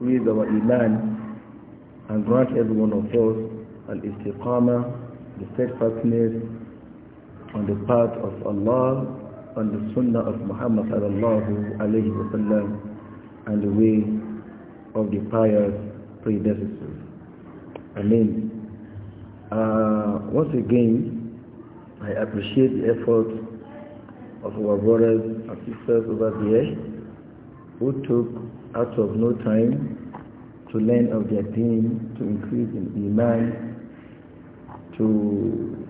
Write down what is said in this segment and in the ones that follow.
Please our Iman and grant every one of us al-istiqamah, the steadfastness on the path of Allah, on the sunnah of Muhammad sallallahu alayhi wa sallam, and the way of the pious predecessors. Amen. Uh, once again, I appreciate the effort of our brothers and sisters over there who took out of no time to learn of their deen, to increase in iman, to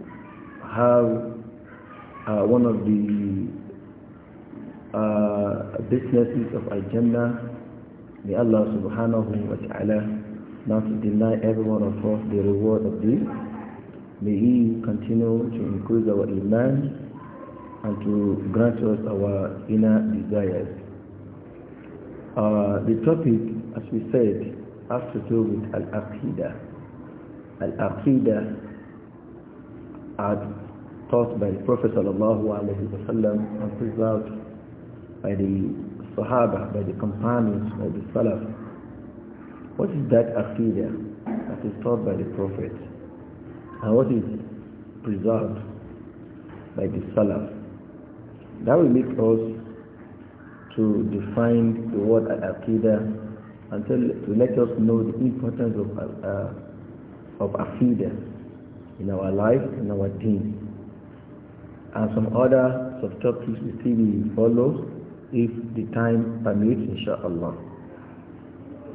have uh, one of the uh, businesses of Al-Jannah. May Allah subhanahu wa ta'ala not deny every one of us the reward of this. May He continue to increase our iman and to grant us our inner desires. Uh, the topic, as we said, has to do with Al-Aqidah. Al-Aqidah as taught by the Prophet sallallahu and preserved by the Sahaba, by the companions, by the Salaf. What is that Aqidah that is taught by the Prophet? And what is preserved by the Salaf? That will make us to define the word al-aqidah and to let us know the importance of, uh, uh of aqidah in our life, in our deeds, And some other subtopics will still be followed if the time permits, inshallah.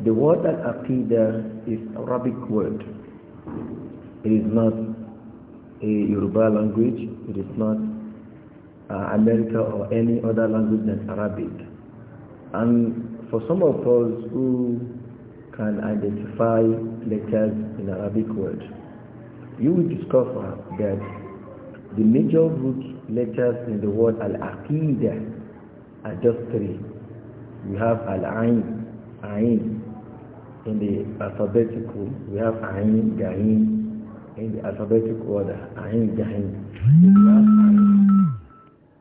The word al-aqidah is Arabic word. It is not a Yoruba language. It is not uh, America or any other language than Arabic. And for some of us who can identify letters in Arabic words, you will discover that the major root letters in the word Al-Aqidah are just three. We have Al-Ain, Ain in the alphabetical, we have Ain, Gain in the alphabetical order, Ain, Gain.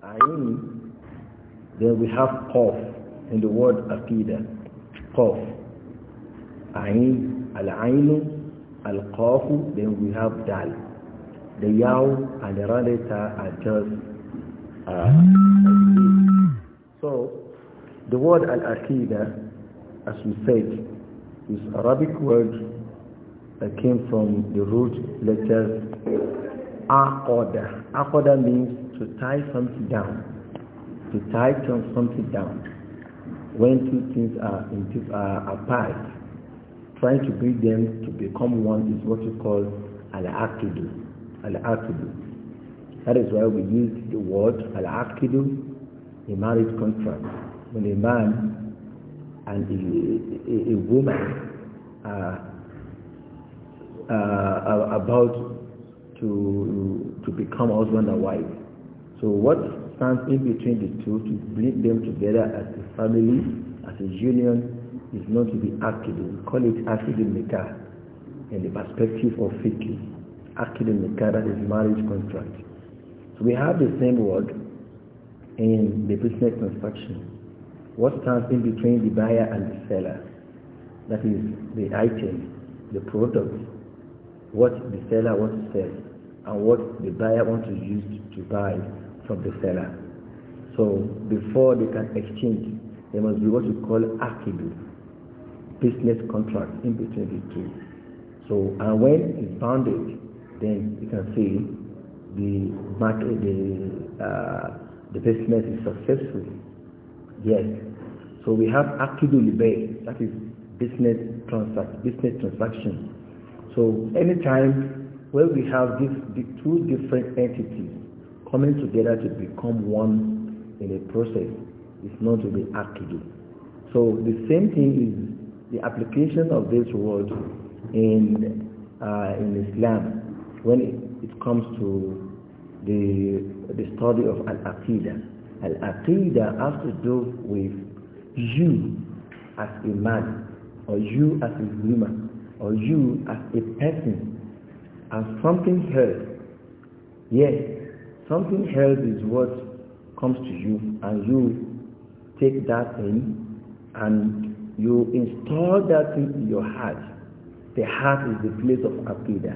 Ain, then we have Qaf, in the word aqidah. Qaf. ayn al-ainu, al-qafu, then we have dal. The yaw and the radita are just uh, So, the word al-aqidah, as we said, is Arabic word that came from the root letters aqada. Aqada means to tie something down, to tie something down when two things are, in, are apart, trying to bring them to become one is what you call al-aqidu. Al-aqidu. That is why we use the word al-aqidu in marriage contract. When a man and a, a, a woman are, uh, are about to, to become husband and wife. So what stands in between the two to bring them together as a family, as a union, is known to be akid. We call it akid Meka in the perspective of fiqh. Akid Meka that is marriage contract. So we have the same word in the business transaction. What stands in between the buyer and the seller? That is the item, the product, what the seller wants to sell, and what the buyer wants to use to buy from the seller. So before they can exchange, there must be what we call akidu, business contract in between the two. So and when it's bounded, then you can see the market, the uh, the business is successful. Yes. So we have akidu libe that is business transact business transaction. So anytime where we have these the two different entities Coming together to become one in a process is known to be akidu. So the same thing is the application of this word in uh, in Islam when it, it comes to the the study of al-aqidah. Al-aqidah has to do with you as a man or you as a woman or you as a person as something heard. Yes, Something else is what comes to you and you take that thing and you install that thing in your heart. The heart is the place of Akida.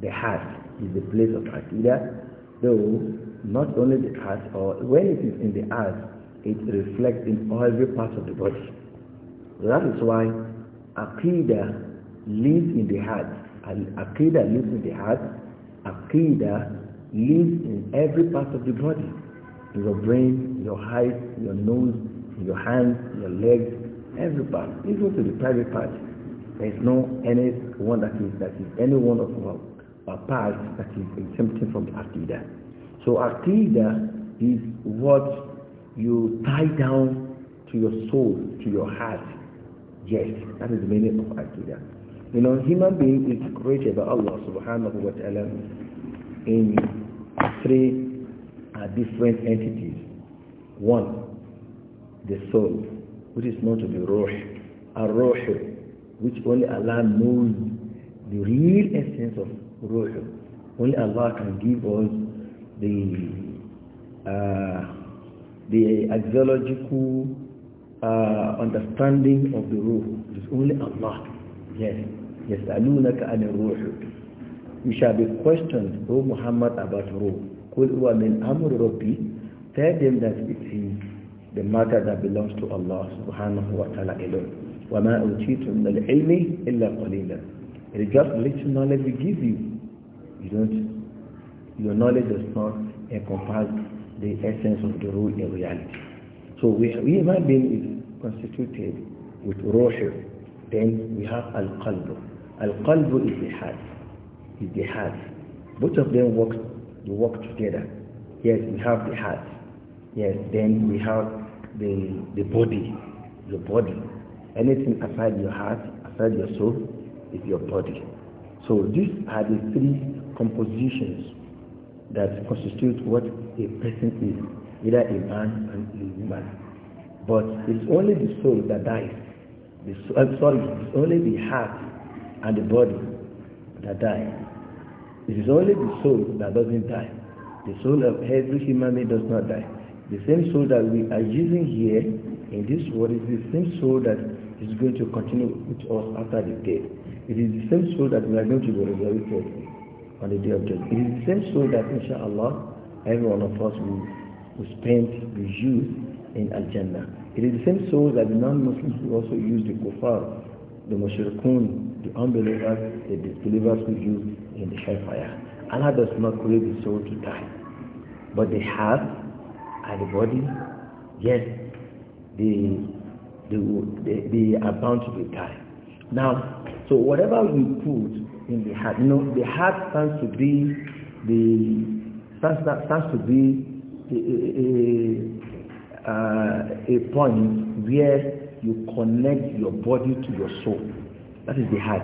The heart is the place of Akida. Though not only the heart, or when it is in the heart, it reflects in every part of the body. That is why Akida lives in the heart. and Akida lives in the heart. Akida lives in every part of the body. Your brain, your eyes, your nose, your hands, your legs, every part, even to the private part. There is no any one that is that is any one of our, our parts that is exempted from the Aqidah. So Aqidah is what you tie down to your soul, to your heart. Yes, that is the meaning of Aqidah. You know, human being is created by Allah subhanahu wa ta'ala in three are different entities. One, the soul, which is known to be Ruh. Ar-Ruh, which only Allah knows the real essence of Ruh. Only Allah can give us the, uh, the axiological uh, understanding of the Ruh. It's only Allah. Yes. Yes, يسألونك عن الروح. You shall be questioned, O Muhammad, about Ruh. Qul huwa min amri rabbi. Tell them that it is the matter that belongs to Allah subhanahu wa ta'ala alone. وَمَا أُوتِيتُم مِنَ الْعِلْمِ إِلَّا قَلِيلًا It is just little knowledge we give you. You don't, your knowledge does not encompass the essence of the rule in reality. So we, we human being is constituted with ruh, then we have al-qalb. Al-qalb is the heart, is the heart. Both of them work you work together. Yes, we have the heart. Yes, then we have the, the body, your body. Anything aside your heart, aside your soul, is your body. So these are the three compositions that constitute what a person is, either a man and a woman. But it's only the soul that dies. The soul, uh, sorry, it's only the heart and the body that die. It is only the soul that doesn't die. The soul of every human being does not die. The same soul that we are using here in this world is the same soul that is going to continue with us after the death. It is the same soul that we are going to be resurrected on the day of judgment. It is the same soul that, inshallah, every one of us will, will spend, will use in Al-Jannah. It is the same soul that the non-Muslims will also use the kuffar, the mushrikun, the unbelievers, the disbelievers will use in the hellfire. Allah does not create the soul to die. But the heart and the body, yes, they, they, they, they are bound to die. Now, so whatever we put in the heart, you know, the heart stands to be the stands, stands to be a, a, a, uh, a point where you connect your body to your soul. That is the heart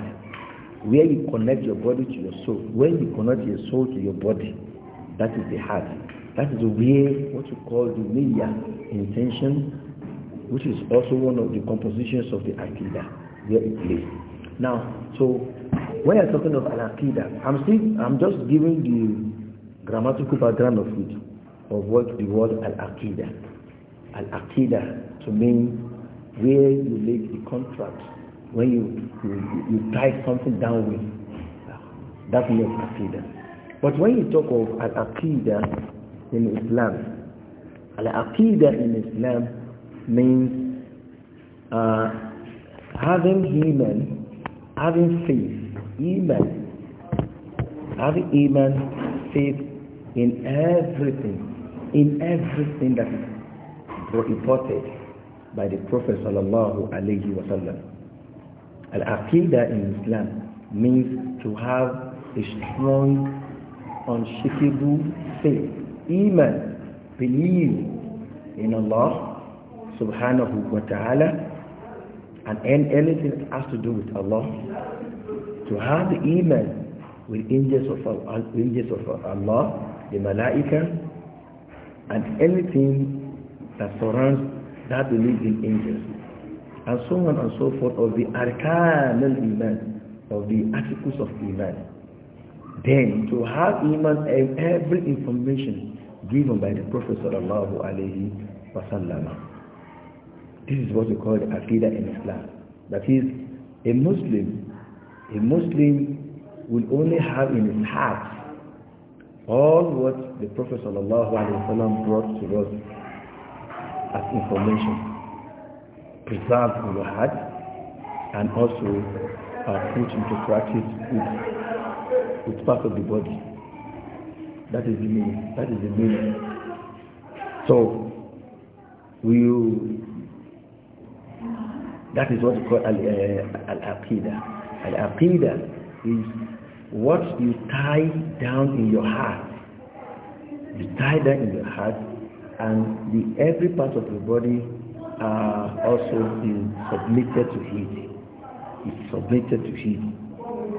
where you connect your body to your soul, when you connect your soul to your body, that is the heart. That is where what you call the media intention, which is also one of the compositions of the akida, where it plays. Now, so when I'm talking of an Aqidah, I'm still, I'm just giving the grammatical background of it, of what the word al akida, al to mean where you make the contract when you, you, you tie something down with, that's not aqidah. But when you talk of al-aqidah in Islam, al-aqidah in Islam means uh, having iman, having faith, iman, having iman, faith in everything, in everything that is reported by the Prophet sallallahu alaihi wasallam. Al-Aqidah in Islam means to have a strong, unshakable faith, iman, belief in Allah subhanahu wa ta'ala and anything that has to do with Allah. To have the iman with angels of, angels of Allah, the malaika, and anything that surrounds that belief in angels and so on and so forth of the arkan al-iman, of the articles of iman. Then to have iman and every information given by the Prophet sallallahu alaihi wasallam. This is what we call the aqidah in Islam. That is, a Muslim, a Muslim will only have in his heart all what the Prophet sallallahu alaihi wasallam brought to us as information preserve your heart and also uh, put into practice with, with part of the body. That is the meaning. That is the meaning. So, we that is what we call uh, al-aqidah. Al-aqidah is what you tie down in your heart. You tie that in your heart and the every part of your body also been submitted to him. He submitted to him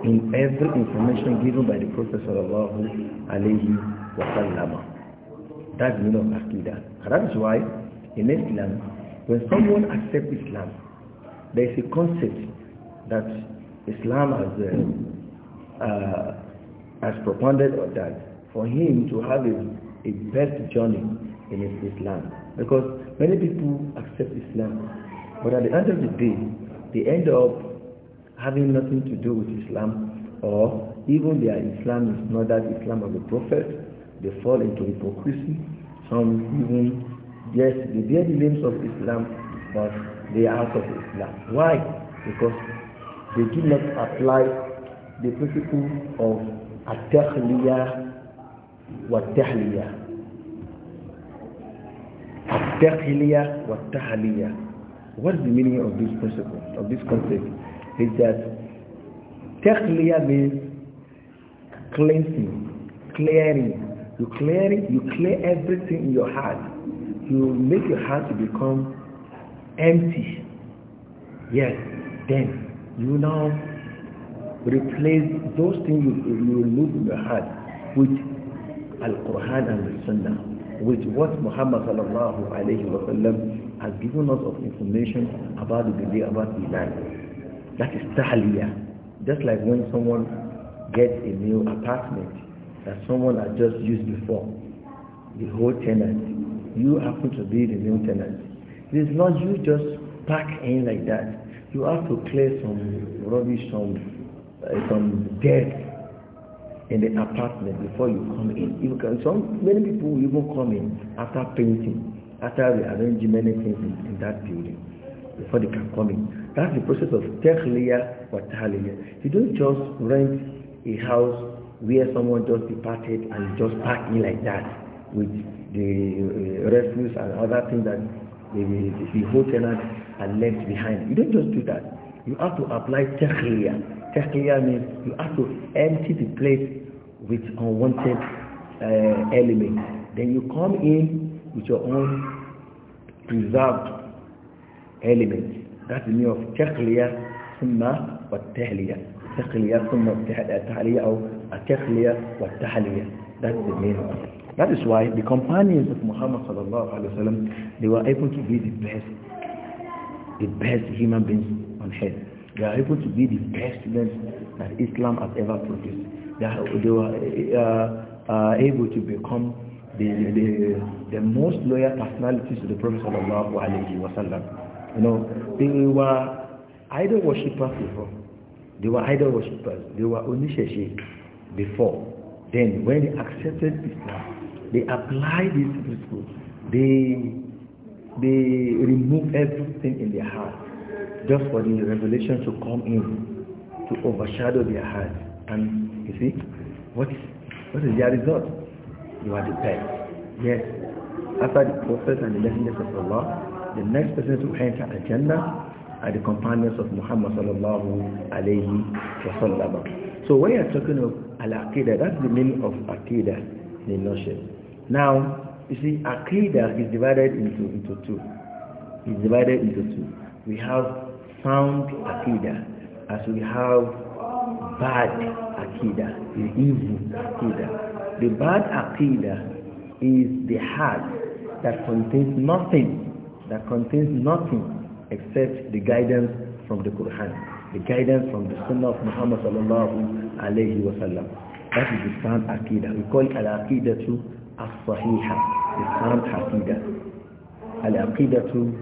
in every information given by the Prophet sallallahu alayhi wa sallam. That's the meaning of Aqidah. And that is why in Islam, when someone accepts Islam, there is a concept that Islam has, uh, uh, has propounded or that for him to have a, a best journey in Islam Because many people accept Islam, but at the end of the day, they end up having nothing to do with Islam, or even their Islam is not that Islam of the Prophet. They fall into hypocrisy. Some even, yes, they bear the names of Islam, but they are out of Islam. Why? Because they do not apply the principle of at-tahliya wa-tahliya. dakhiliya wa What is the meaning of this principle, of this concept? Is that takhliya means cleansing, clearing. You clear it, you clear everything in your heart. You make your heart to become empty. Yes, then you now replace those things you, you remove in your heart with Al-Quran and the Sunnah with what Muhammad sallallahu alayhi wa sallam has given us of information about the belief, about Iman. That is tahliya. Just like when someone gets a new apartment that someone had just used before, the whole tenant, you happen to be the new tenant. It is not you just pack in like that. You have to clear some rubbish, some, uh, some dirt in the apartment before you come in. You can, some, many people will even come in after painting, after arrange many things in, in that building before they can come in. That's the process of takhliya or tahliya. You don't just rent a house where someone just departed and just park in like that with the uh, refuse and other things that the, the, the whole tenant had left behind. You don't just do that. You have to apply takhliya. Takhliya means you have to empty the place with unwanted uh, elements. Then you come in with your own preserved elements. That's the meaning of تقلية ثم والتهلية تقلية ثم or أو wa والتحلية That's the meaning of it. That is why the companions of Muhammad sallallahu alayhi wa sallam, they were able to be the best, the best human beings on earth. They are able to be the best students that Islam has ever produced. they were uh, uh, able to become the, the, the most loyal personalities to the Prophet sallallahu alayhi wa sallam. You know, they were idol worshippers before. They were idol worshippers. They were onisheshe before. Then when they accepted Islam, they applied this principle. They, they removed everything in their heart just for the revelation to come in, to overshadow their heart and You see? What what is your result? You are deprived. Yes. After the Prophet and the messengers of Allah, the next person to enter the Jannah are the companions of Muhammad sallallahu alayhi wa sallam. So when you are talking of al-aqidah, that's the meaning of aqidah, the notion. Now, you see, aqidah is divided into, into two. It's divided into two. We have sound aqidah, as we have bad the evil akida, The bad akida, is the heart that contains nothing, that contains nothing except the guidance from the Quran, the guidance from the Sunnah of Muhammad sallallahu alayhi wa sallam. That is the sound akida. We call it al akida as-sahiha, the sound akida, Al-aqidatu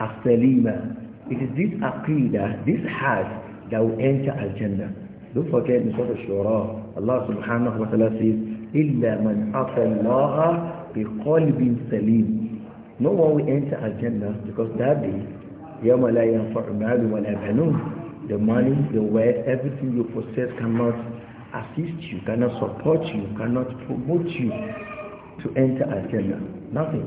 as-salima. It is this akida, this heart that will enter Al-Jannah. لوفا كان نصاب الشعراء الله سبحانه وتعالى إلا من أتى الله بقلب سليم No one will enter Al-Jannah because that day يوم لا ينفع مال ولا بنون The money, the wealth, everything you possess cannot assist you, cannot support you, cannot promote you to enter Al-Jannah. Nothing.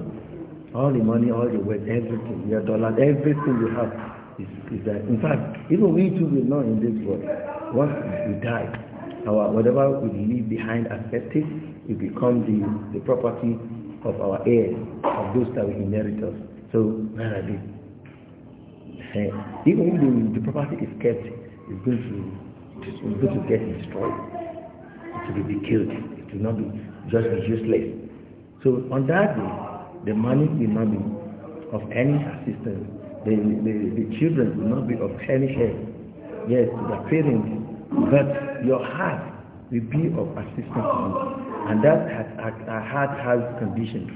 All the money, all the wealth, everything, your dollar, everything you have is, is that, in fact, even we too will not in this world. Once we die, our whatever we leave behind as it will become the, the property of our heirs, of those that will inherit us. So where are they? Eh, even if the, the property is kept, it's going to it's going to get destroyed. It will be killed. It will not be just be useless. So on that day, the money will not be of any assistance the, the, the children will not be of any help, yes, the parents, but your heart will be of assistance to you. And that a uh, heart has conditions.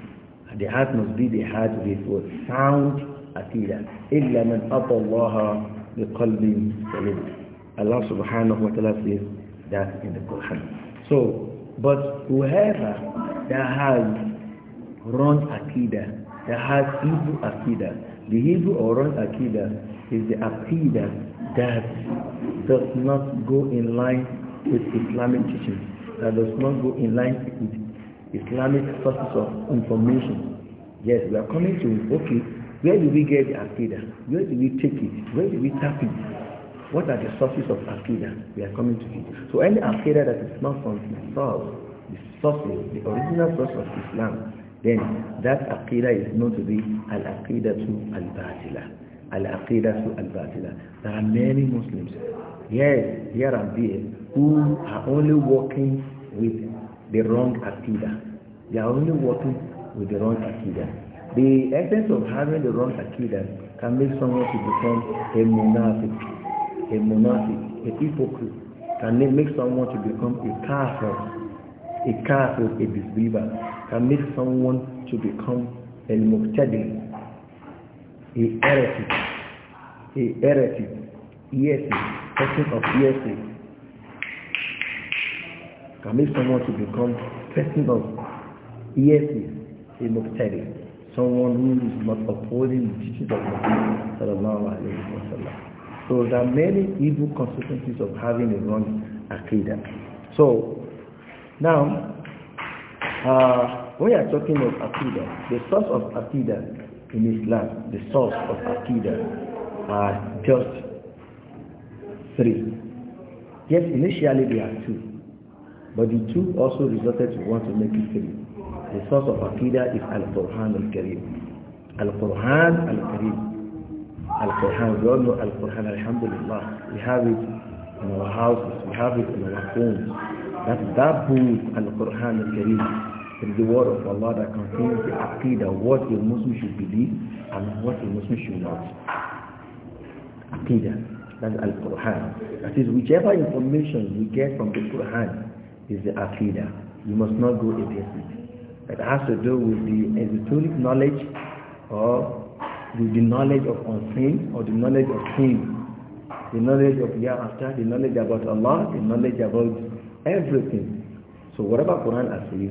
The heart must be the heart with what sound akida. إِلَّا مَنْ أَطَى اللَّهَ بِقَلْبٍ سَلِيمٍ Allah subhanahu wa ta'ala says that in the Quran. So, but whoever that has wrong akida That has evil akida. The evil or wrong akida is the akida that does not go in line with Islamic teaching, that does not go in line with Islamic sources of information. Yes, we are coming to, okay, where do we get the akida? Where do we take it? Where do we tap it? What are the sources of akida? We are coming to it. So any akida that is not from the source, the source, the original source of Islam, then that aqidah is known to be al-aqidatu al-batila. Al-aqidatu al-batila. There are many Muslims, yes, here and there, who are only working with the wrong aqidah. They are only working with the wrong aqidah. The essence of having the wrong aqidah can make someone to become a monastic, a monastic, a hypocrite, can make someone to become a kafir, a kafir, a disbeliever. can make someone to become a muqtadi, a heretic, a heretic, heretic, person of ESA, can make someone to become person of ESA, a muqtadi, someone who is not upholding the teachings of Muhammad So there are many evil consequences of having a wrong aqidah. So now, uh, When you are talking of Aqidah, the source of Aqidah in Islam, the source of Aqidah are just three. Yes, initially there are two, but the two also resulted to want to make it three. The source of Aqidah is Al-Qur'an Al-Karim. Al-Qur'an Al-Karim. Al-Qur'an, we all know Al-Qur'an, Alhamdulillah. We have it in our houses, we have it in our homes. That, that book, Al-Qur'an Al-Karim, It is the word of Allah that contains the aqidah, what a Muslim should believe and what a Muslim should not. Aqidah, that's Al-Quran. That is, whichever information you get from the Quran is the aqidah. You must not go against it. That has to do with the esoteric knowledge or with the knowledge of unseen or the knowledge of sin the knowledge of hereafter, the knowledge about Allah, the knowledge about everything. So whatever Quran has said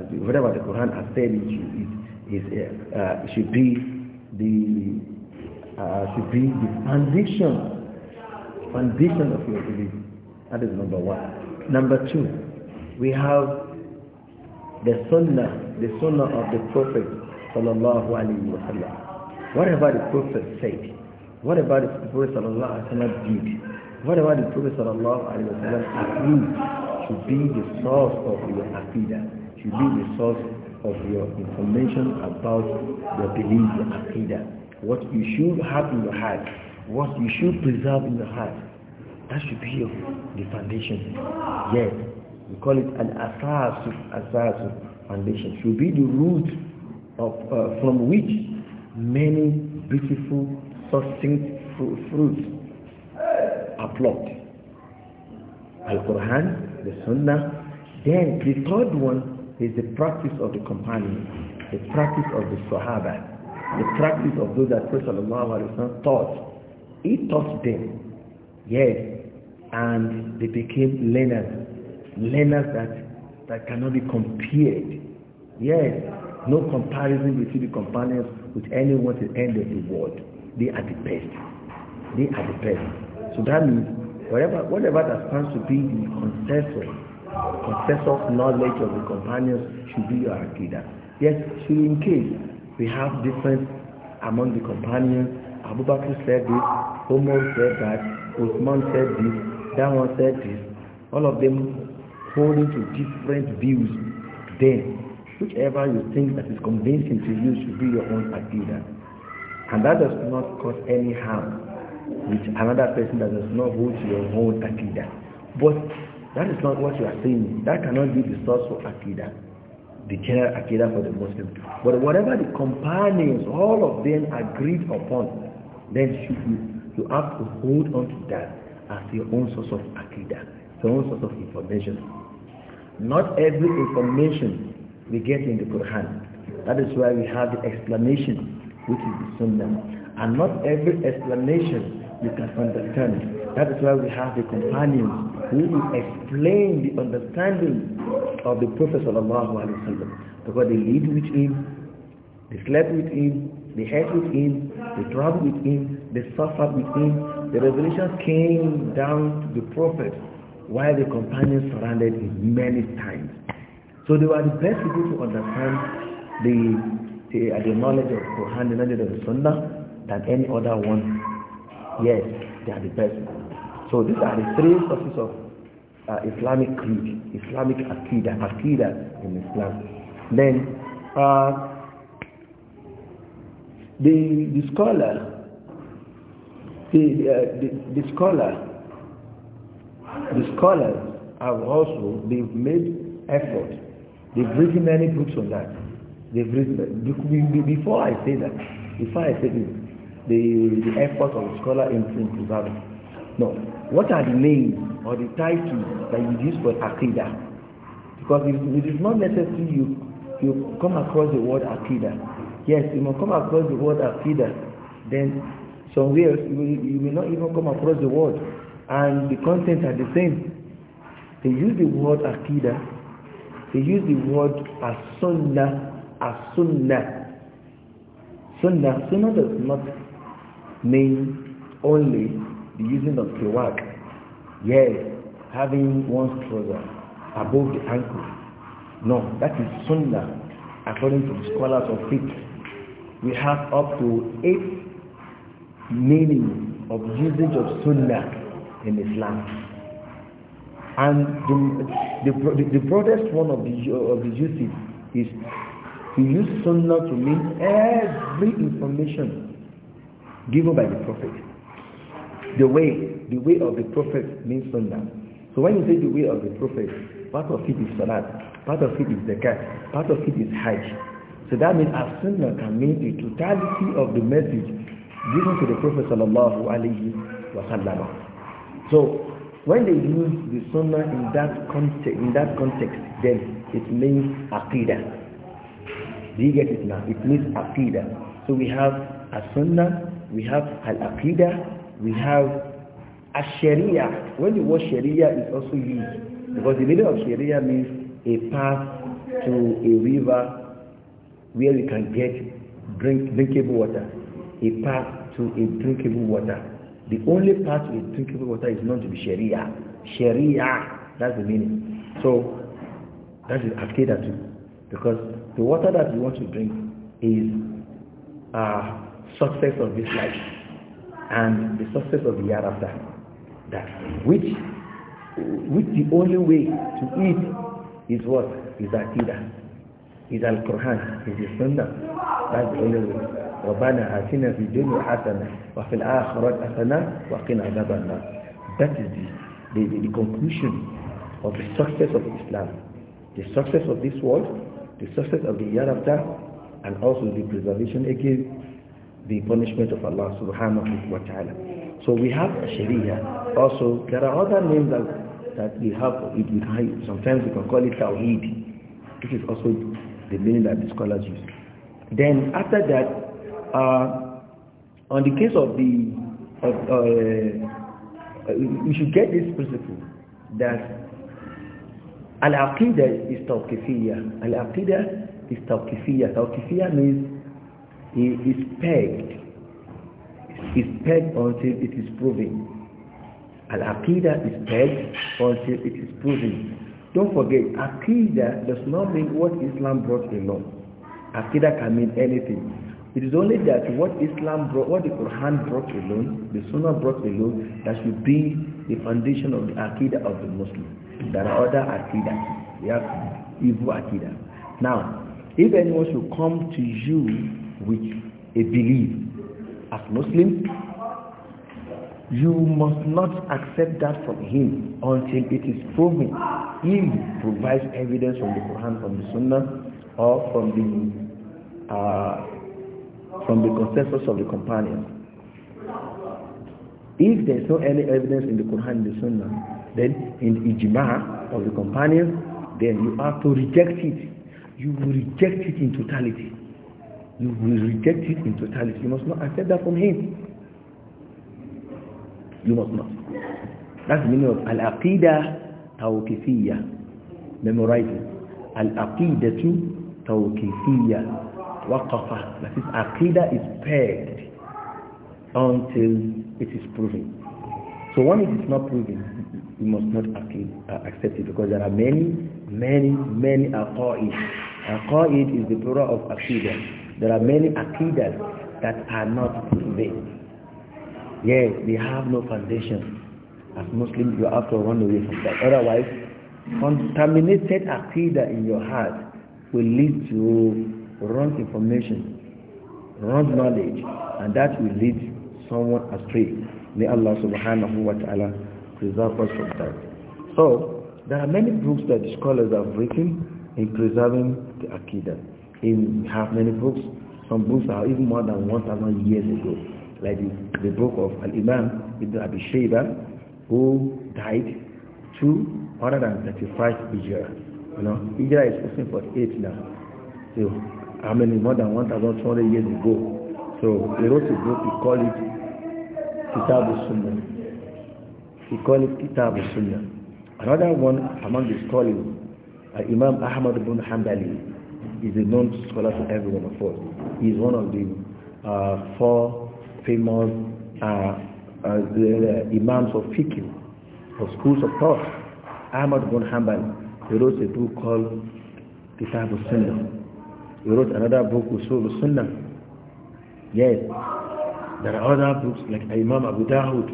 whatever the Quran has said it should, it is, uh, should be the uh, should be the foundation foundation of your belief. That is number one. Number two, we have the sunnah, the sunnah of the Prophet sallallahu alaihi wasallam. Whatever the Prophet said, whatever the Prophet sallallahu alaihi wasallam did, whatever the Prophet sallallahu alaihi wasallam agreed should be the source of your aqidah. To be the source of your information about your belief, your aqidah. What you should have in your heart, what you should preserve in your heart, that should be your, the foundation. Yes, we call it an asas, asas foundation. Should be the root of uh, from which many beautiful, succinct fruits are plucked. Al-Quran, the Sunnah. Then the third one is the practice of the companions, the practice of the Sahaba, the practice of those that Prophet ﷺ taught. He taught them, yes, and they became learners, learners that, that cannot be compared. Yes, no comparison between the companions with anyone at the end of the world. They are the best. They are the best. So that means whatever, whatever that stands to be the consensus Confessor knowledge of the companions should be your akida. Yes, so in case we have difference among the companions, Abu Bakr said this, Umar said that, Uthman said this, that said this, all of them holding to different views, then whichever you think that is convincing to you should be your own akida. And that does not cause any harm with another person that does not hold to your own akida. But That is not what you are saying. That cannot be the source for Akida, the general Akida for the Muslim. But whatever the companions, all of them agreed upon, then you, you have to hold on to that as your own source of Akida, your own source of information. Not every information we get in the Quran. That is why we have the explanation, which is the Sunnah. And not every explanation you can understand that is why we have the companions who will explain the understanding of the Prophet ﷺ because they lived with him, they slept with him, they ate with him, they traveled with him, they suffered with him. The revelation came down to the Prophet while the companions surrounded him many times. So they were the best people to understand the, the, uh, the knowledge of Quran, the knowledge of the Sunnah than any other one. Yes, they are the best. So these are the three sources of uh, Islamic creed, Islamic aqidah, aqidah in Islam. Then uh, the, the scholar, the, uh, the, the scholar, the scholars have also, they've made effort. They've written many books on that. They've written, before I say that, before I say this, the, the effort of the scholar in preserving. No. What are the names or the titles that you use for akida? Because it, it is not necessary you, you come across the word akida. Yes, you must come across the word akida. Then somewhere else you, you may not even come across the word. And the contents are the same. They use the word akida. They use the word As-Sunnah. As-Sunnah. Sunnah. Sunnah does not mean only the using of kiwak, yes, having one's trouser above the ankle. No, that is sunnah according to the scholars of fiqh. We have up to eight meaning of usage of sunnah in Islam. And the, the, the broadest one of the, of the usage is to use sunnah to mean every information given by the prophet the way, the way of the Prophet means sunnah. So when you say the way of the Prophet, part of it is salat, part of it is zakat, part of it is hajj. So that means as sunnah can mean the totality of the message given to the Prophet sallallahu alayhi wa sallam. So when they use the sunnah in that context, in that context, then it means aqidah. Do you get it now? It means aqidah. So we have as sunnah, we have al-aqidah, we have a sharia. When the word sharia is also used, because the meaning of sharia means a path to a river where you can get drink, drinkable water. A path to a drinkable water. The only path to a drinkable water is known to be sharia. Sharia, that's the meaning. So, that's the Aqidah too. Because the water that you want to drink is uh, success of this life. and the success of the year after. That which, which the only way to eat is what? Is Akida. is Al-Quran, is the Sunnah. That's the only way. That is the, the, the conclusion of the success of Islam, the success of this world, the success of the year after, and also the preservation again the punishment of Allah subhanahu wa ta'ala. So we have Sharia. Also, there are other names that, that we have. We sometimes we can call it Tawheed. which is also the meaning that the scholars use. Then after that, uh, on the case of the, of, uh, uh we should get this principle that Al-Aqidah is Tawqifiyah. Al-Aqidah is Tawqifiyah. Tawqifiyah means he is pegged. Is pegged until it is proven. Al-Aqidah is pegged until it is proven. Don't forget, Aqidah does not mean what Islam brought alone. Aqidah can mean anything. It is only that what Islam brought, what the Quran brought alone, the Sunnah brought alone, that should be the foundation of the Aqidah of the Muslim. There are other Aqidah. We have evil Aqidah. Now, if anyone should come to you Which a believe as Muslim, you must not accept that from him until it is proven. He provides evidence from the Quran, from the Sunnah, or from the uh, from the consensus of the companions. If there is no any evidence in the Quran and the Sunnah, then in the ijma of the companions, then you have to reject it. You reject it in totality. you will reject it in totality. You must not accept that from him. You must not. That's the meaning of al-aqidah tawqifiyya. Memorize it. Al-aqidatu tawqifiyya. Waqafa. That is, aqidah is pegged until it is proven. So when it is not proven, you must not uh, accept it because there are many, many, many aqa'id. Aqa'id is the plural of aqidah. There are many akidas that are not based. Yes, we have no foundation. As Muslims, you have to run away from that. Otherwise, contaminated akidah in your heart will lead to wrong information, wrong knowledge, and that will lead someone astray. May Allah subhanahu wa ta'ala preserve us from that. So, there are many books that scholars have written in preserving the akidah in have many books. Some books are even more than 1,000 years ago, like the, the book of Al-Imam Ibn Abi Shayba, who died 235 Hijrah. You know, Hijrah is for eight now. So, how many more than 1,200 years ago? So, he wrote a book, he called it Kitab al-Sunnah. He called it Kitab sunnah Another one among the scholars, uh, Imam Ahmad ibn Hanbali, is a known scholar to every one of us. He is one of the uh, four famous uh, uh, the, imams of fiqh, of schools of thought. Ahmad bin Hanbal, he wrote a book called Kitab al-Sunnah. He wrote another book, Usul al-Sunnah. Yes, there are other books like Imam Abu Dawud.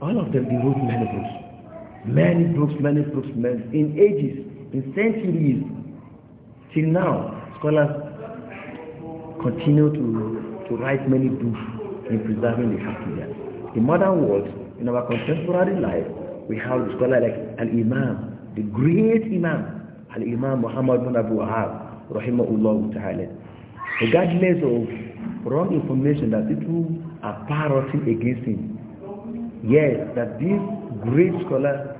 All of them, devoted wrote many books. Many books, many books, many, in ages, in centuries, Till now, scholars continue to, to write many books in preserving the Hafidiyah. In modern world, in our contemporary life, we have scholars like an imam the great Imam, Al-Imam Muhammad bin Abu Wahab, rahimahullah ta'ala. Regardless of wrong information that people are parroting against him, yes, that this great scholar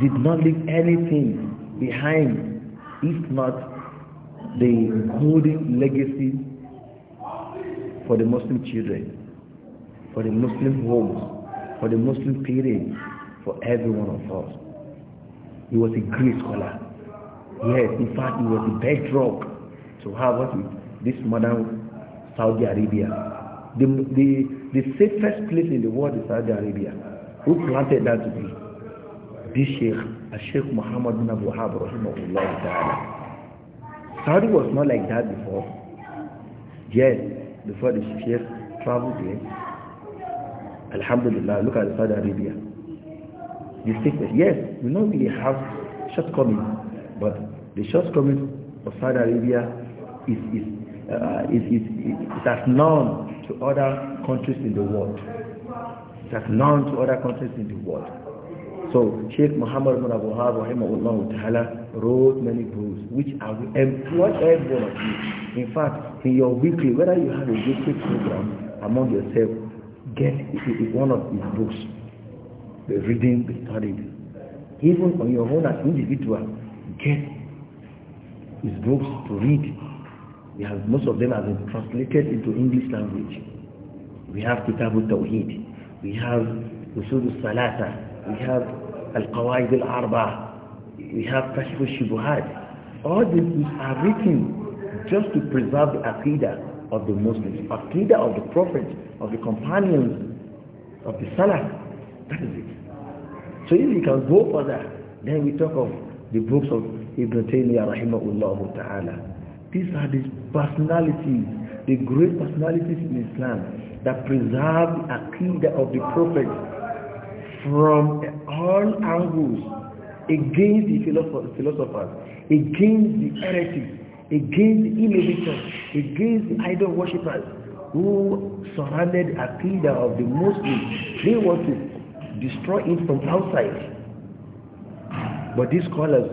did not leave anything behind if not the golden legacy for the Muslim children, for the Muslim homes, for the Muslim parents, for every one of us. He was a great scholar. Yes, in fact, he was the bedrock to have with this modern Saudi Arabia. The, the, the safest place in the world is Saudi Arabia. Who planted that to be? bí sheikh sheikh muhammad bin abu hab rahimahullah ta'ala saudi was not like that before yes before the sheikh traveled there alhamdulillah look at saudi arabia the statement yes we know we have shortcomings but the shortcomings of saudi arabia is is uh, is, is, is as known to other countries in the world. It as known to other countries in the world. So Sheikh Muhammad bin Abu Rahimahullah Ta'ala wrote many books which I will employ every one of you. In fact, in your weekly, whether you have a weekly program among yourself, get one of his books. The reading, the study. Even on your own as individual, get his books to read. We have, most of them have been translated into English language. We have Kitab al-Tawheed. We have Usul salata we have Al-Qawaid al-Arba, we have Kashf al All these are written just to preserve the Aqidah of the Muslims, Aqidah of the Prophet, of the companions, of the Salaf. That is it. So if we can go further, then we talk of the books of Ibn Taymiyyah rahimahullah ta'ala. These are the personalities, the great personalities in Islam that preserve the Aqidah of the Prophet from all angles against the philosophers, against the heretics, against the innovators, against the idol worshippers who surrounded a Aqidah of the Muslims. They want to destroy it from outside. But these scholars,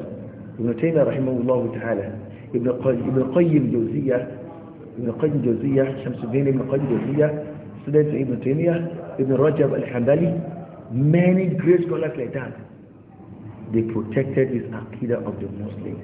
Ibn Taymiyyah rahimahullah ta'ala, Ibn Qayyim Jawziyah, Ibn Qayyim Jawziyah, Shamsuddin Ibn Qayyim Jawziyah, students Ibn Taymiyyah, Ibn Rajab al-Hanbali, many great scholars like that, they protected this Aqidah of the Muslim.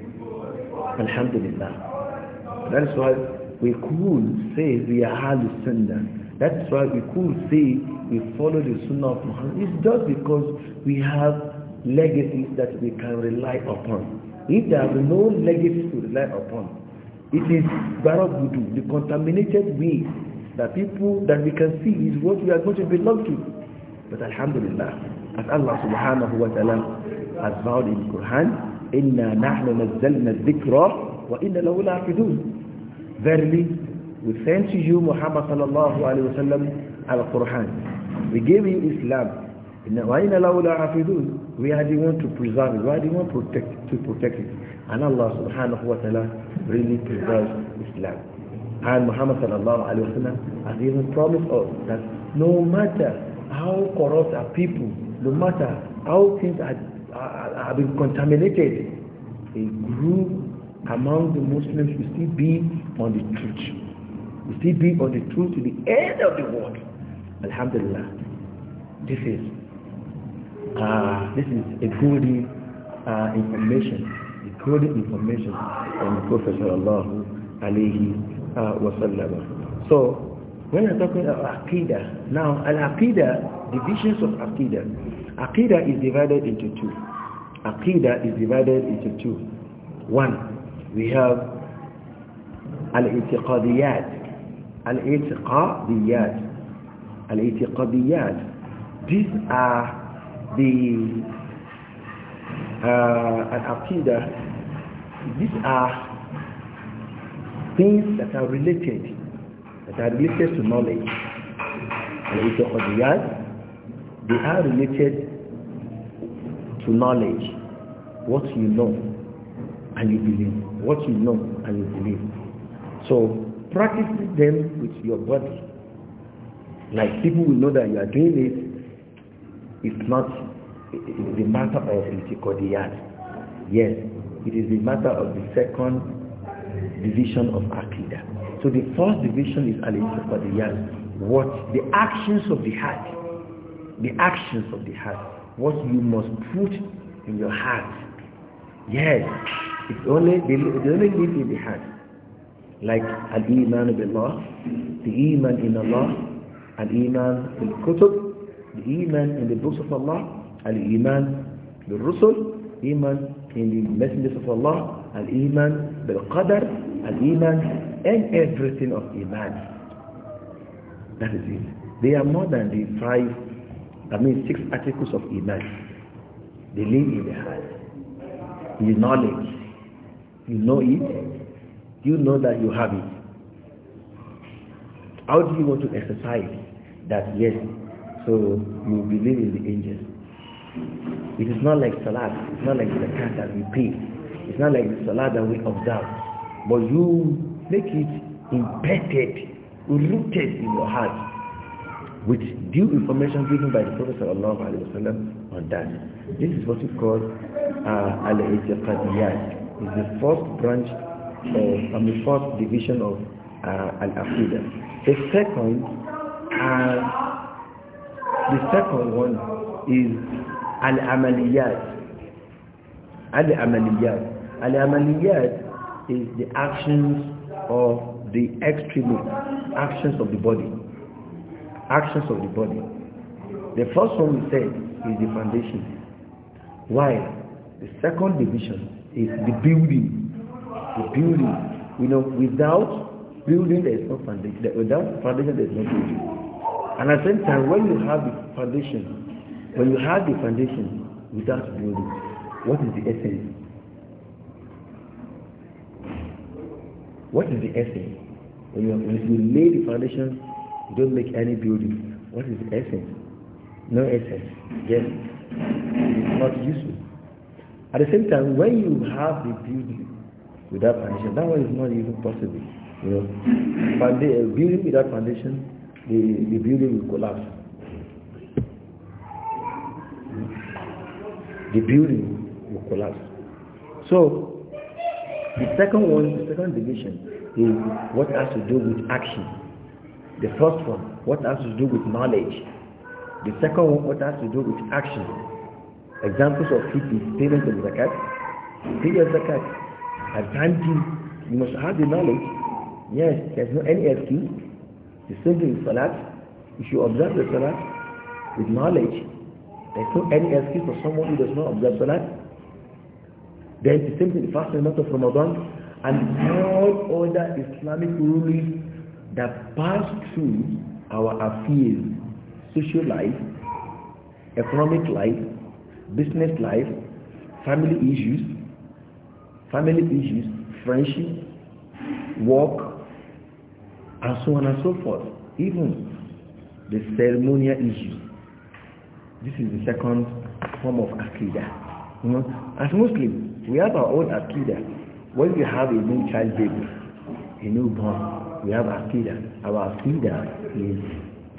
Alhamdulillah. That is why we could say we are Ahlul Sunnah. That's why we could say we follow the Sunnah of Muhammad. It's just because we have legacies that we can rely upon. If there are no legacies to rely upon, it is Barabudu, the contaminated way that people that we can see is what we are going to belong to. But alhamdulillah, as Allah subhanahu wa ta'ala has vowed in the Quran, إِنَّا نَحْنُ نَزَّلْنَا الذِّكْرَ وَإِنَّا لَهُ لَحْفِدُونَ Verily, we sent to you Muhammad sallallahu alayhi wa sallam al-Quran. We gave you Islam. وَإِنَّا لَهُ لَحْفِدُونَ We are the one to preserve it. We are the one protect, to protect it. And Allah subhanahu wa ta'ala really preserves Islam. And Muhammad sallallahu alayhi wa sallam has even promised us that no matter how corrupt are people, no matter how things are, are, are contaminated, a group among the Muslims will still be on the truth. Will still be on the truth to the end of the world. Alhamdulillah. This is uh, this is a good uh, information, a good information from the Prophet sallallahu alayhi uh, wa sallam. So when we're talking about Aqidah, now Al-Aqidah, divisions of Aqidah. Aqidah is divided into two. Aqidah is divided into two. One, we have Al-Itiqadiyat. Al-Itiqadiyat. Al-Itiqadiyat. These are the uh, Al-Aqidah. These are things that are related that are related to knowledge and with the Qadiyat, they are related to knowledge, what you know and you believe, what you know and you believe. So practice them with your body. Like people will know that you are doing it, it's not it's the matter of Qadiyat. Yes, it is the matter of the second division of Aqidah. So the first division is al young. what the actions of the heart, the actions of the heart, what you must put in your heart. Yes, it's only they, only live in the heart. Like al-iman Allah, the iman in Allah, al-iman in kutub, the iman in the books of Allah, al-iman the rusul, iman in the messengers of Allah, al-iman bil Qadr, al-iman and everything of Iman. That is it. They are more than the five, I mean six articles of Iman. They live in the heart. The knowledge. You know it. You know that you have it. How do you want to exercise that yes, so you believe in the angels. It is not like Salah. it's not like the zakat that we pay. It's not like the that we observe. But you Make it embedded, rooted in your heart with due information given by the Prophet sallallahu alaihi wasallam on that. This is what we call uh, al-i'tiqadiyat. It's the first branch of, and the first division of uh, al-aqidah. The second, uh, the second one is al-amaliyat. Al-amaliyat. Al-amaliyat is the actions of the extreme actions of the body. Actions of the body. The first one we said is the foundation. Why? The second division is the building. The building. You know, without building there is no foundation. Without foundation there is no building. And at the same time, when you have the foundation, when you have the foundation without building, what is the essence? What is the essence? When you, when you lay the foundation, you don't make any building. What is the essence? No essence. Yes. It's not useful. At the same time, when you have the building without foundation, that one is not even possible. You know, uh, building without foundation, the, the building will collapse. The building will collapse. So, the second one, the second division is what has to do with action. The first one, what has to do with knowledge. The second one, what has to do with action. Examples of it is payment of zakat, pay your zakat, at time You must have the knowledge. Yes, there's no any excuse. The same thing with salat. If you observe the salat with knowledge, there's no any excuse for someone who does not observe salat Then the same thing, the fasting month of Ramadan and all other Islamic rulings that pass through our affairs, social life, economic life, business life, family issues, family issues, friendship, work, and so on and so forth. Even the ceremonial issues. This is the second form of akidah. You know, as Muslims, We have our own Akida. When we have a new child baby, a newborn, we have Akida. Our Akida is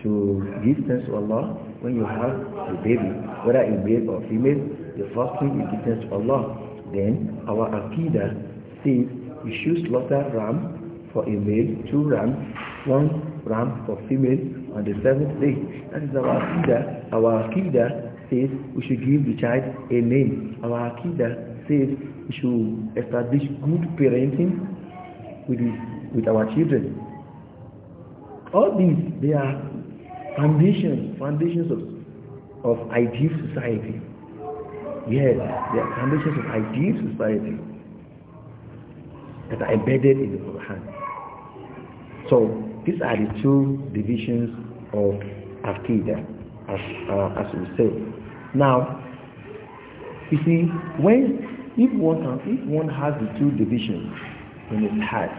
to give thanks to Allah when you have a baby, whether a male or female, the first thing we give thanks to Allah. Then our Akida says you should slaughter ram for a male, two rams, one ram for female on the seventh day. That is our Akida. Our Akida says we should give the child a name. Our Akida says we should establish good parenting with, his, with our children. All these, they are foundations, foundations of, of ideal society. Yes, they are foundations of ideal society that are embedded in the Quran. So these are the two divisions of Aqidah, as, uh, as we say. Now, you see, when If one, if one has the two divisions in his heart,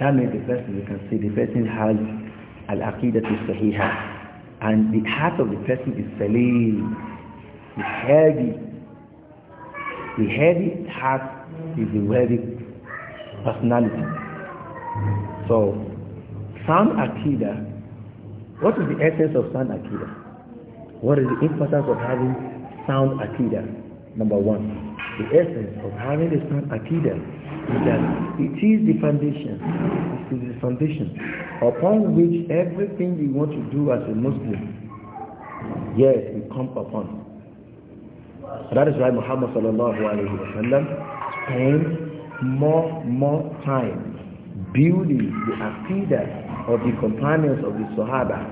that means the person, you can see the person has al-aqidah sahiha and the heart of the person is salim, is heavy. The heavy heart is the heavy personality. So, sound akida, what is the essence of sound akida? What is the importance of having sound akida? Number one. the essence of having a strong akida is that it is the foundation, it is the foundation upon which everything we want to do as a Muslim, yes, we come upon. That is why Muhammad sallallahu alayhi wa sallam spent more, more time building the akida of the companions of the Sahaba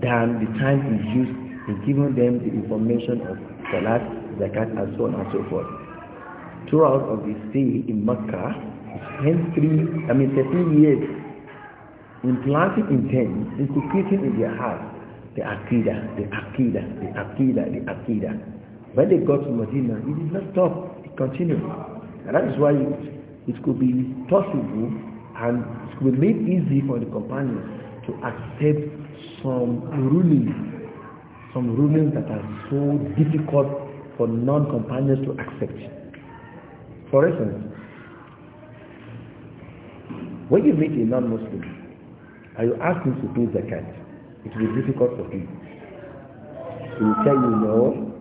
than the time he used in giving them the information of Salat zakat, and so on and so forth. Throughout of the stay in Mecca, spent three, I mean 13 years, in them, intent, inculcating in their heart the Akida, the Akida, the Akida, the Akida. When they got to Medina, it did not stop, it continued. And that is why it, it could be possible and it could be made easy for the companions to accept some rulings, some rulings that are so difficult for non-companions to accept. For instance, when you meet a non-Muslim and you ask him to pay zakat, it will be difficult for him. He will tell you, no,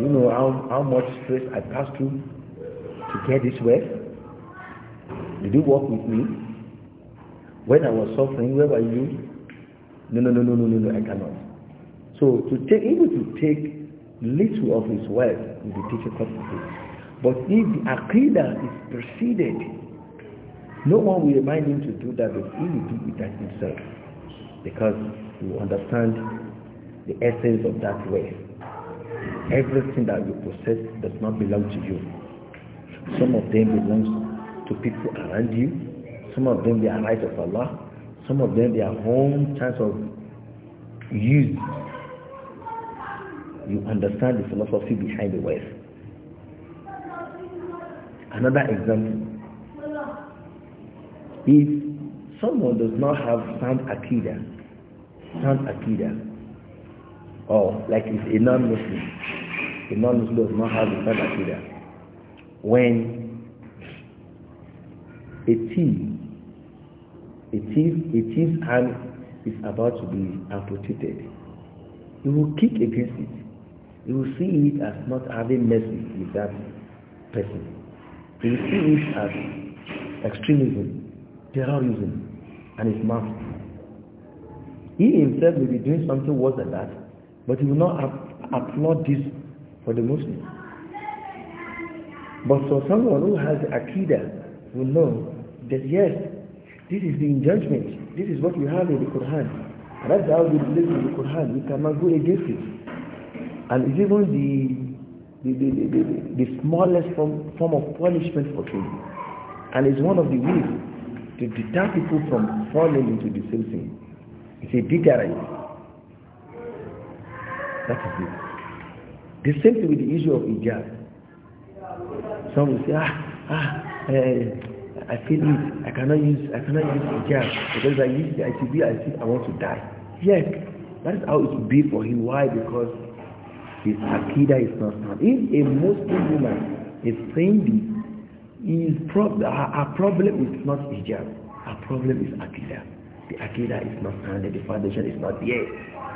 you know how, how much stress I passed through to get this wealth? Did you work with me? When I was suffering, where were you? No, no, no, no, no, no, no I cannot. So to take, even to take little of his wealth will be difficult to do. But if the aqidah is preceded, no one will remind him to do that, but he will do it at himself. Because you understand the essence of that way. Everything that you possess does not belong to you. Some of them belongs to people around you. Some of them they are right of Allah. Some of them they are own chance of use you understand the philosophy behind the words. Another example, if someone does not have sound akida, sound akida, or like if a non-Muslim, a non-Muslim does not have sound akida, when a thief, a thief, a thief's hand is about to be amputated, he will kick against it he will see it as not having mercy with that person. He will see it as extremism, terrorism, and his mouth. He himself will be doing something worse than that, but he will not applaud this for the Muslim. But for someone who has Akidah, will know that yes, this is the judgment. This is what we have in the Quran. And that's how we believe in the Quran. We cannot go against it and it's even the the, the, the, the smallest form, form of punishment for sin. And it's one of the ways to deter people from falling into the same thing. It's a deterrent. That is it. The same thing with the issue of hijab. Some will say, ah, ah, eh, I feel it. I cannot use, I cannot use hijab because I use the ITB. I said, I want to die. Yes, that is how it will be for him. Why? Because his akida is not sound. If a Muslim woman is single, his prob her, problem is not hijab. Her problem is akida. The akida is not sound. The foundation is not there.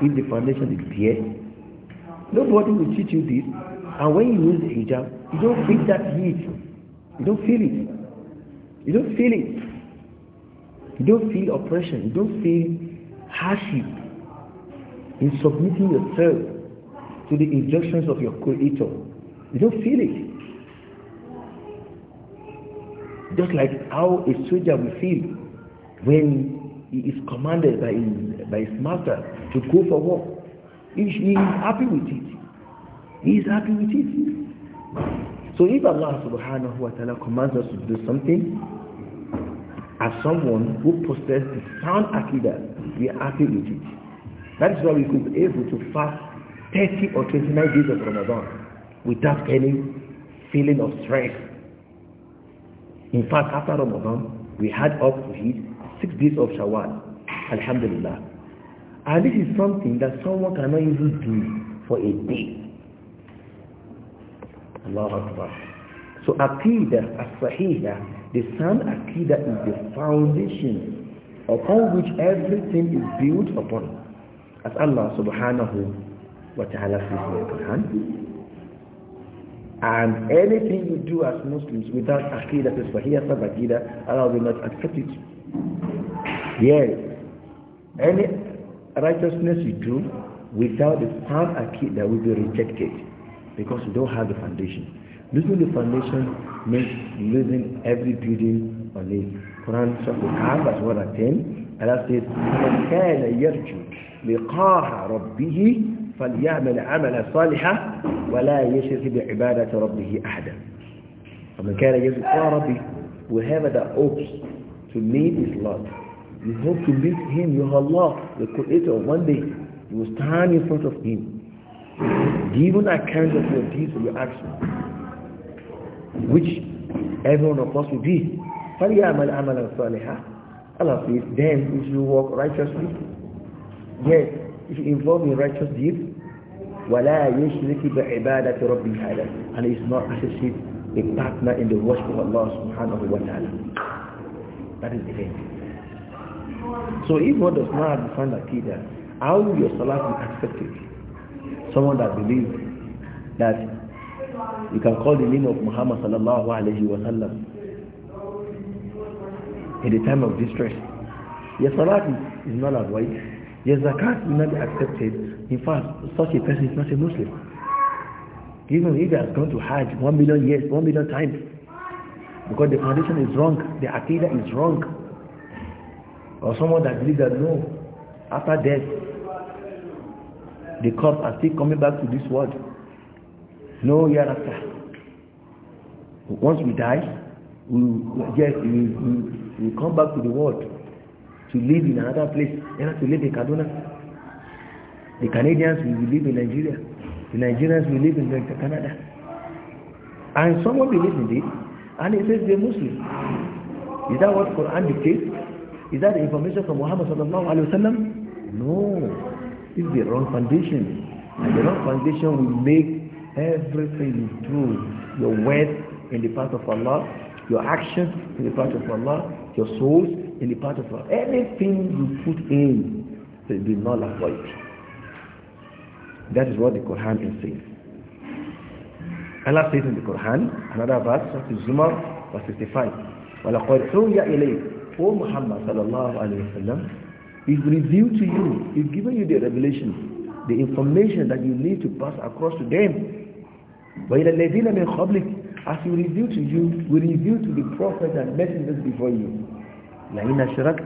If the foundation is there, nobody will teach you this. And when you use hijab, you don't feel that heat. You don't feel it. You don't feel it. You don't feel oppression. You don't feel hardship in submitting yourself to the injunctions of your creator. You don't feel it. Just like how a soldier will feel when he is commanded by his, by his master to go for war. He, he is happy with it. He is happy with it. So if Allah subhanahu wa ta'ala commands us to do something, as someone who possesses sound akidah, we are happy with it. That is why we could be able to fast 30 or 29 days of Ramadan without any feeling of stress. In fact, after Ramadan, we had up to his six days of Shawwal. Alhamdulillah. And this is something that someone cannot even do for a day. Allah Akbar. So Aqidah, As-Sahihah, the sound Aqidah is the foundation upon which everything is built upon. As Allah subhanahu what Allah says in the Quran. And anything you do as Muslims without Aqidah is Fahiyah Sabakida, Allah will not accept it. Yes. Any righteousness you do without the sound Aqidah will be rejected because you don't have the foundation. Losing the foundation means losing every building on the Quran chapter half as well as 10. Allah says, من كان يرجو لقاء ربه فليعمل عملا صالحا ولا يشرك بعبادة ربه أحدا ومن كان يشرك ربي whoever that hopes to meet his Lord you hope to meet him your Allah the creator one day you will stand in front of him an account of your deeds and your actions which everyone of us will be فليعمل عملا صالحا Allah says then if you walk righteously yes if you involve in righteous deeds وَلَا يُشْرِكِ بِعِبَادَةِ رَبِّهِ أَحَدًا And he is not associated a partner in the worship of Allah subhanahu wa ta'ala. That is the thing. So if one does not understand Aqidah, how will your salah be accepted? Someone that believes that you can call the name of Muhammad sallallahu alayhi wa sallam in the time of distress, your salah is, not avoided. Yes, zakat will not be accepted. In fact, such a person is not a Muslim. Even if he has gone to Hajj one million years, one million times, because the foundation is wrong, the akida is wrong. Or someone that believes that no, after death, the corpse are still coming back to this world. No year after. Once we die, we, yes, we, we, we come back to the world to live in another place, they have to live in Kaduna. The Canadians will live in Nigeria. The Nigerians will live in Canada. And someone believes in this, and he says they're Muslim. Is that what Quran dictates? Is that information from Muhammad sallallahu alaihi wasallam? No, it's the wrong foundation. And the wrong foundation will make everything you do, your words in the path of Allah, your actions in the path of Allah, your souls in the part of God. Anything you put in will be null That is what the Quran is saying. Allah says in the Quran, another verse, Surah Zumar, verse 65, وَلَقَدْ حُوْيَ إِلَيْكَ O Muhammad sallallahu alayhi wa sallam, we revealed to you, He's given you the revelation, the information that you need to pass across to them. وَإِلَى الَّذِينَ مِنْ قَبْلِكَ As he revealed to you, we reveal to the prophets and messengers before you. لئن شركت.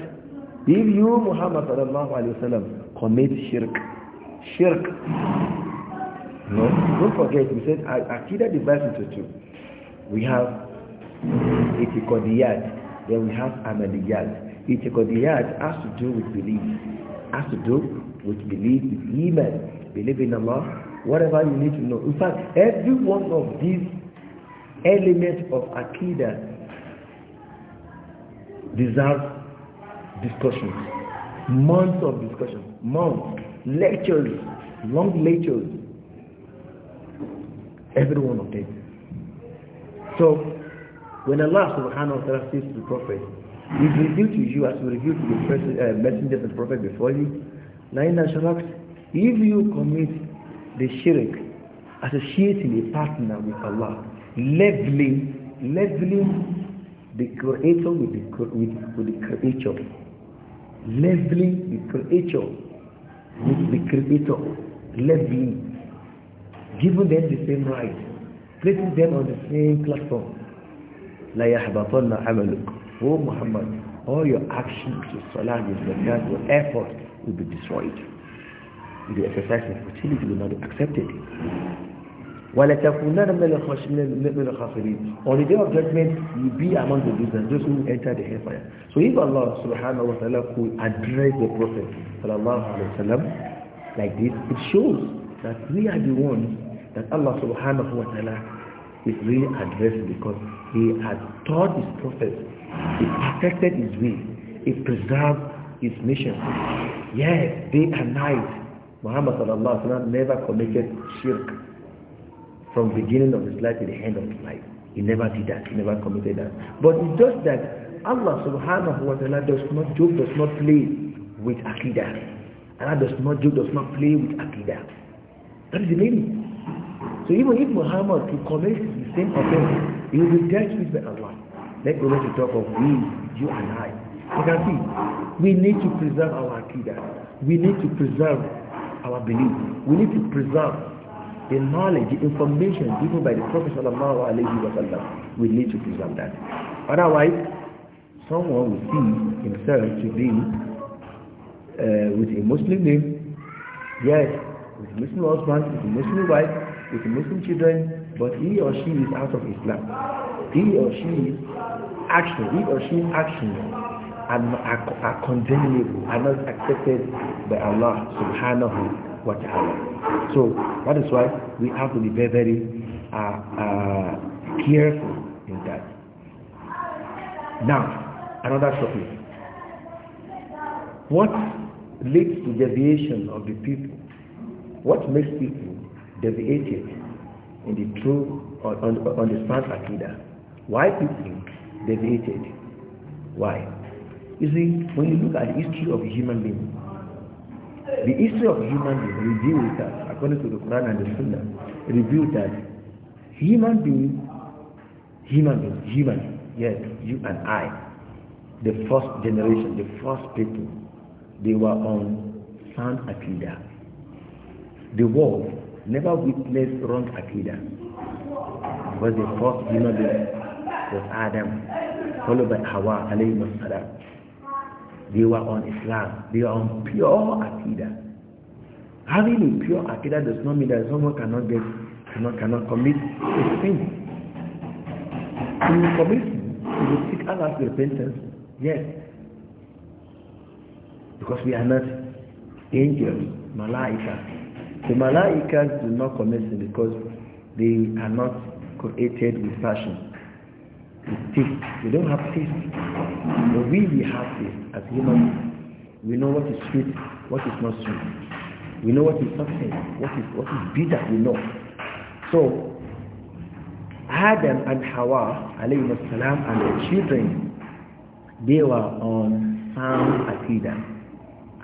If you, Muhammad sallallahu alayhi wa sallam, commit شرك، shirk, no, don't forget, we said Akida divides into two. We have Itikodiyat, then we have Ahmadiyat. Itikodiyat has to do with belief, has to do with belief, with iman, believe in Allah, whatever you need to know. In fact, every one of these elements of Akida Deserve discussion. Months of discussion. Months. Lectures. Long lectures. Every one of them. So, when Allah subhanahu wa ta'ala says to the Prophet, He's revealed to you as we revealed to the first, uh, messengers and prophet before you, Laina Sharaks, if you commit the shirk, associating a partner with Allah, leveling, leveling the creator with the, with, with the creature, leveling the creature with the creator, leveling, giving them the same right, placing them on the same platform. لا يحبطن عملك Oh Muhammad, all your actions, your salah, your zakat, your effort will be destroyed. The exercise of fertility will not be accepted. وَلَتَكُونَنَّ مِنَ الْخَاسِرِينَ On the day of judgment, you be among the losers, those who enter the hellfire. So if Allah subhanahu wa ta'ala could address the Prophet sallallahu Alaihi Wasallam like this, it shows that we are the ones that Allah subhanahu wa ta'ala is really addressing because he has taught his Prophet, he protected his way, he preserved his mission. Yes, day and night, Muhammad sallallahu Alaihi Wasallam never committed shirk from beginning of his life to the end of his life. He never did that. He never committed that. But it's just that Allah subhanahu wa ta'ala does not joke, does not play with Aqidah. Allah does not joke, does not play with Aqidah. That is the meaning. So even if Muhammad could commit the same offense, he will be dealt with by Allah. Let go to talk of we, you and I. You can see, we need to preserve our Aqidah. We need to preserve our belief. We need to preserve the knowledge, the information given by the Prophet sallallahu alayhi wa sallam, we need to preserve that. Otherwise, someone will see himself to be uh, with a Muslim name, yes, with a Muslim husband, with a Muslim wife, with a Muslim children, but he or she is out of Islam. He or she is action, he or she action are, are, are condemnable, are not accepted by Allah subhanahu wa ta'ala. So that is why we have to be very, very uh, uh, careful in that. Now, another topic. What leads to deviation of the people? What makes people deviated in the true, or on, on the smart akida? Why people deviated? Why? You see, when you look at the history of human beings. The history of human being reveals that, according to the Quran and the Sunnah, reveals that human being, human being, human, yes, you and I, the first generation, the first people, they were on sound akida. The world never witnessed wrong akida. Because the first human being was Adam, followed by Hawa alayhi salam. They were on Islam. They were on pure Akida. Having a pure Akida does not mean that someone cannot get, cannot, cannot commit a sin. If you commit sin, you will seek Allah's repentance. Yes. Because we are not angels, malaika. The malaikas do not commit sin because they are not created with passion. We don't have taste. But we, we have taste as humans. We know what is sweet, what is not sweet. We know what is something, what is what is bitter, we know. So Adam and Hawa, alayhi salam, and their children, they were on sound Akida.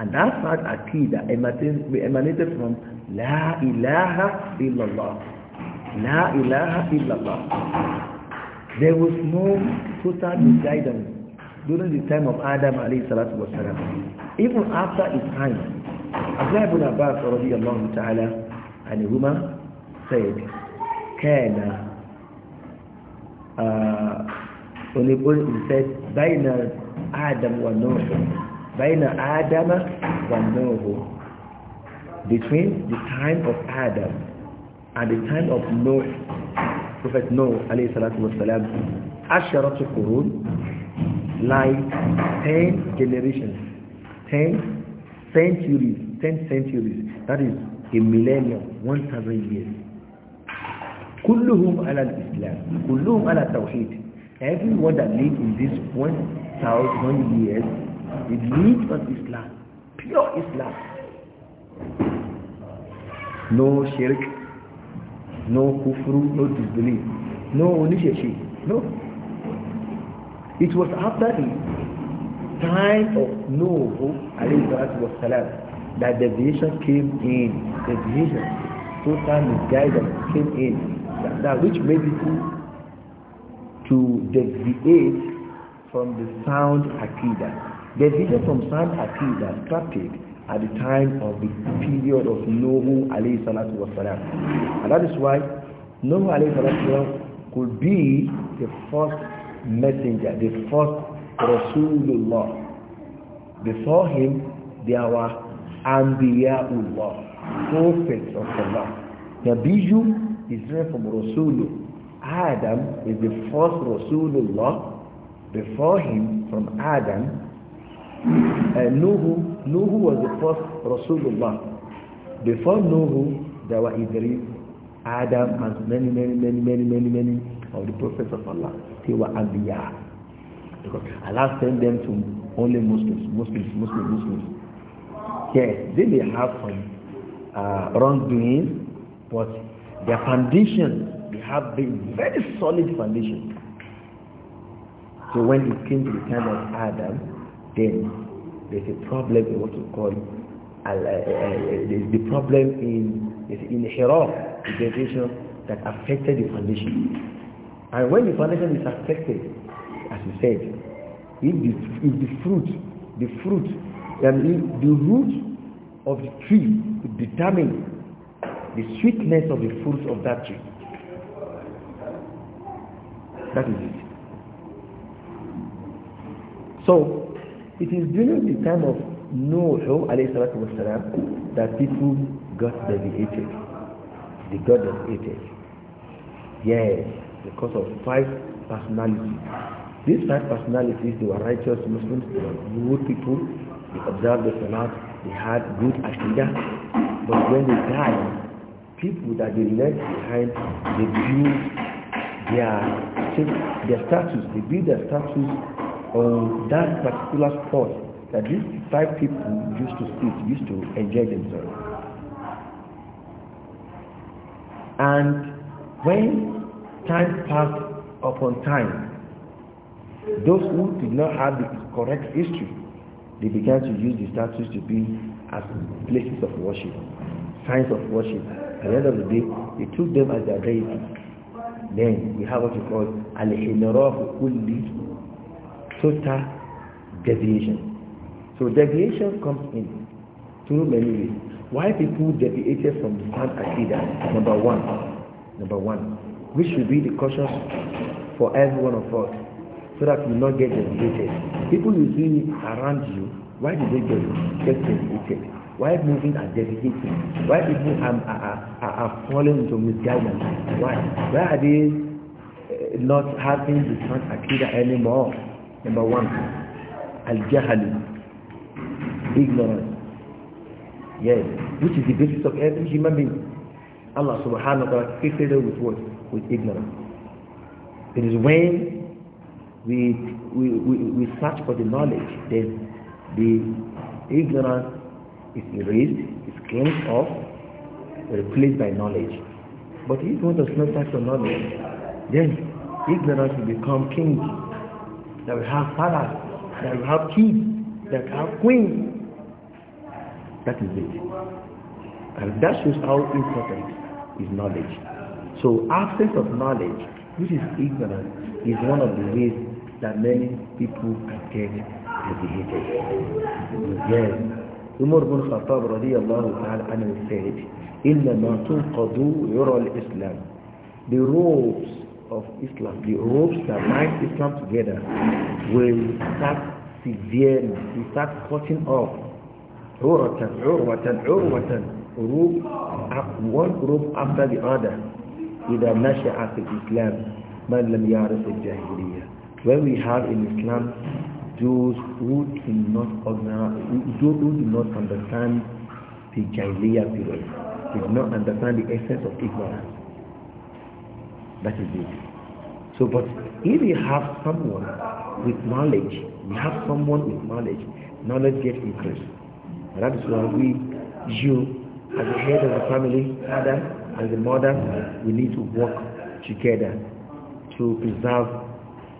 And that sound Akida emanated from La ilaha illallah. La ilaha illallah. There was no total guidance during the time of Adam alayhi salatu wa salam. Even after his time, Abdullah ibn Abbas radiyallahu ta'ala and the woman said, Kana uh, when he said, Baina Adam wa Nuh, Baina Adam wa Nuh, between the time of Adam and the time of Noah Prophet Noah alayhi salatu wasalam, Asharatu Qurun, like 10 generations, 10 centuries, 10 centuries, that is a millennium, 1,000 years. Kulluhum ala al-Islam, kulluhum ala tawheed. Everyone that lived in this 1,000 years, it lived on Islam, pure Islam. No shirk, no kufru, no disbelief, no initiation, no. It was after the time of was salam that the vision came in, the vision, total misguidance came in, that, that which made people to deviate from the sound akida. The vision from sound akida started at the time of the period of Nuhu alayhi salatu wa salam. And that is why Nuhu alayhi salatu wa could be the first messenger, the first Rasulullah. Before him, there were Anbiya'ullah, prophets of Allah. Nabiju is derived from Rasulullah. Adam is the first Rasulullah. Before him, from Adam, uh, Nuhu Nuhu was the first Rasulullah. Before Nuhu, there were Idris, Adam, and many, many, many, many, many, many of the prophets of Allah. They were Anbiya. Because Allah sent them to only Muslims, Muslims, Muslims, Muslims. Yes, they may have some uh, wrongdoings, but their foundation, they have been very solid foundation. So when it came to the time of Adam, then there's a problem in what you call uh, uh, uh, the problem in is in hiraf, degradation that affected the foundation. And when the foundation is affected, as you said, if the, if the fruit, the fruit, and if the root of the tree determine the sweetness of the fruit of that tree. That is it. So it is during the time of Nuh والسلام, that people got deviated. The God of hated. Yes, because of five personalities. These five personalities, they were righteous Muslims, they were good people, they observed the Salat, they had good aqidah. But when they died, people that they left behind, they built their, their status, they built their status on that particular spot that these five people used to sit, used to enjoy themselves. And when time passed upon time, those who did not have the correct history, they began to use the statues to be as places of worship, signs of worship. At the end of the day, they took them as their deity. Then we have what we call al-hinarafu kulli total deviation. So deviation comes in through many ways. Why people deviated from the sound Aqidah? Number one. Number one. Which should be the caution for every one of us so that we not get deviated. People you see around you, why do they get, get deviated? Why moving and deviating? Why people are, are, are, falling into misguidance? Why? Why are they eh, not having the sound Akida anymore? Number one, al jahili ignorance. Yes, which is the basis of every human being. Allah subhanahu wa ta'ala created it with what? With ignorance. It is when we, we, we, we search for the knowledge, then the ignorance is erased, is cleansed off, replaced by knowledge. But if one does not search for knowledge, then ignorance will become king that will have fathers, that will have kids, that will have queens. That is it. And that shows how important is knowledge. So absence of knowledge, which is ignorance, is one of the ways that many people can get educated. Yes. Umar bin Khattab radiallahu ta'ala anhu said, إِنَّمَا تُنْقَضُوا يُرَى الْإِسْلَامِ The ropes of Islam, the ropes that bind Islam together, will start severely, will start cutting off. Urwatan, urwatan, urwatan. Rope, one rope after the other. إذا نشأ في الإسلام من لم يعرف الجاهلية. When we have in Islam those who do not, those who do not understand the Jahiliyyah period, do not understand the essence of ignorance. That is it. So, but if you have someone with knowledge, you have someone with knowledge, knowledge gets increased. And that is why we, you, as the head of the family, father, and the mother, we need to work together to preserve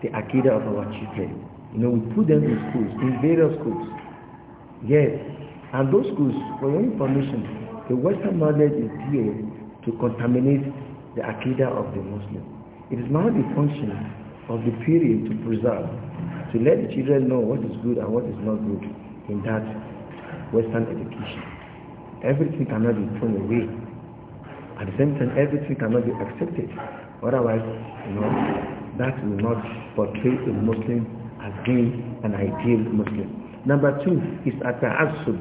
the akida of our children. You know, we put them in schools, in various schools. Yes, and those schools, for your information, the Western knowledge is here to contaminate the Akida of the Muslim. It is now the function of the period to preserve, to let the children know what is good and what is not good in that Western education. Everything cannot be thrown away. At the same time, everything cannot be accepted. Otherwise, you know, that will not portray a Muslim as being an ideal Muslim. Number two is ata'asub.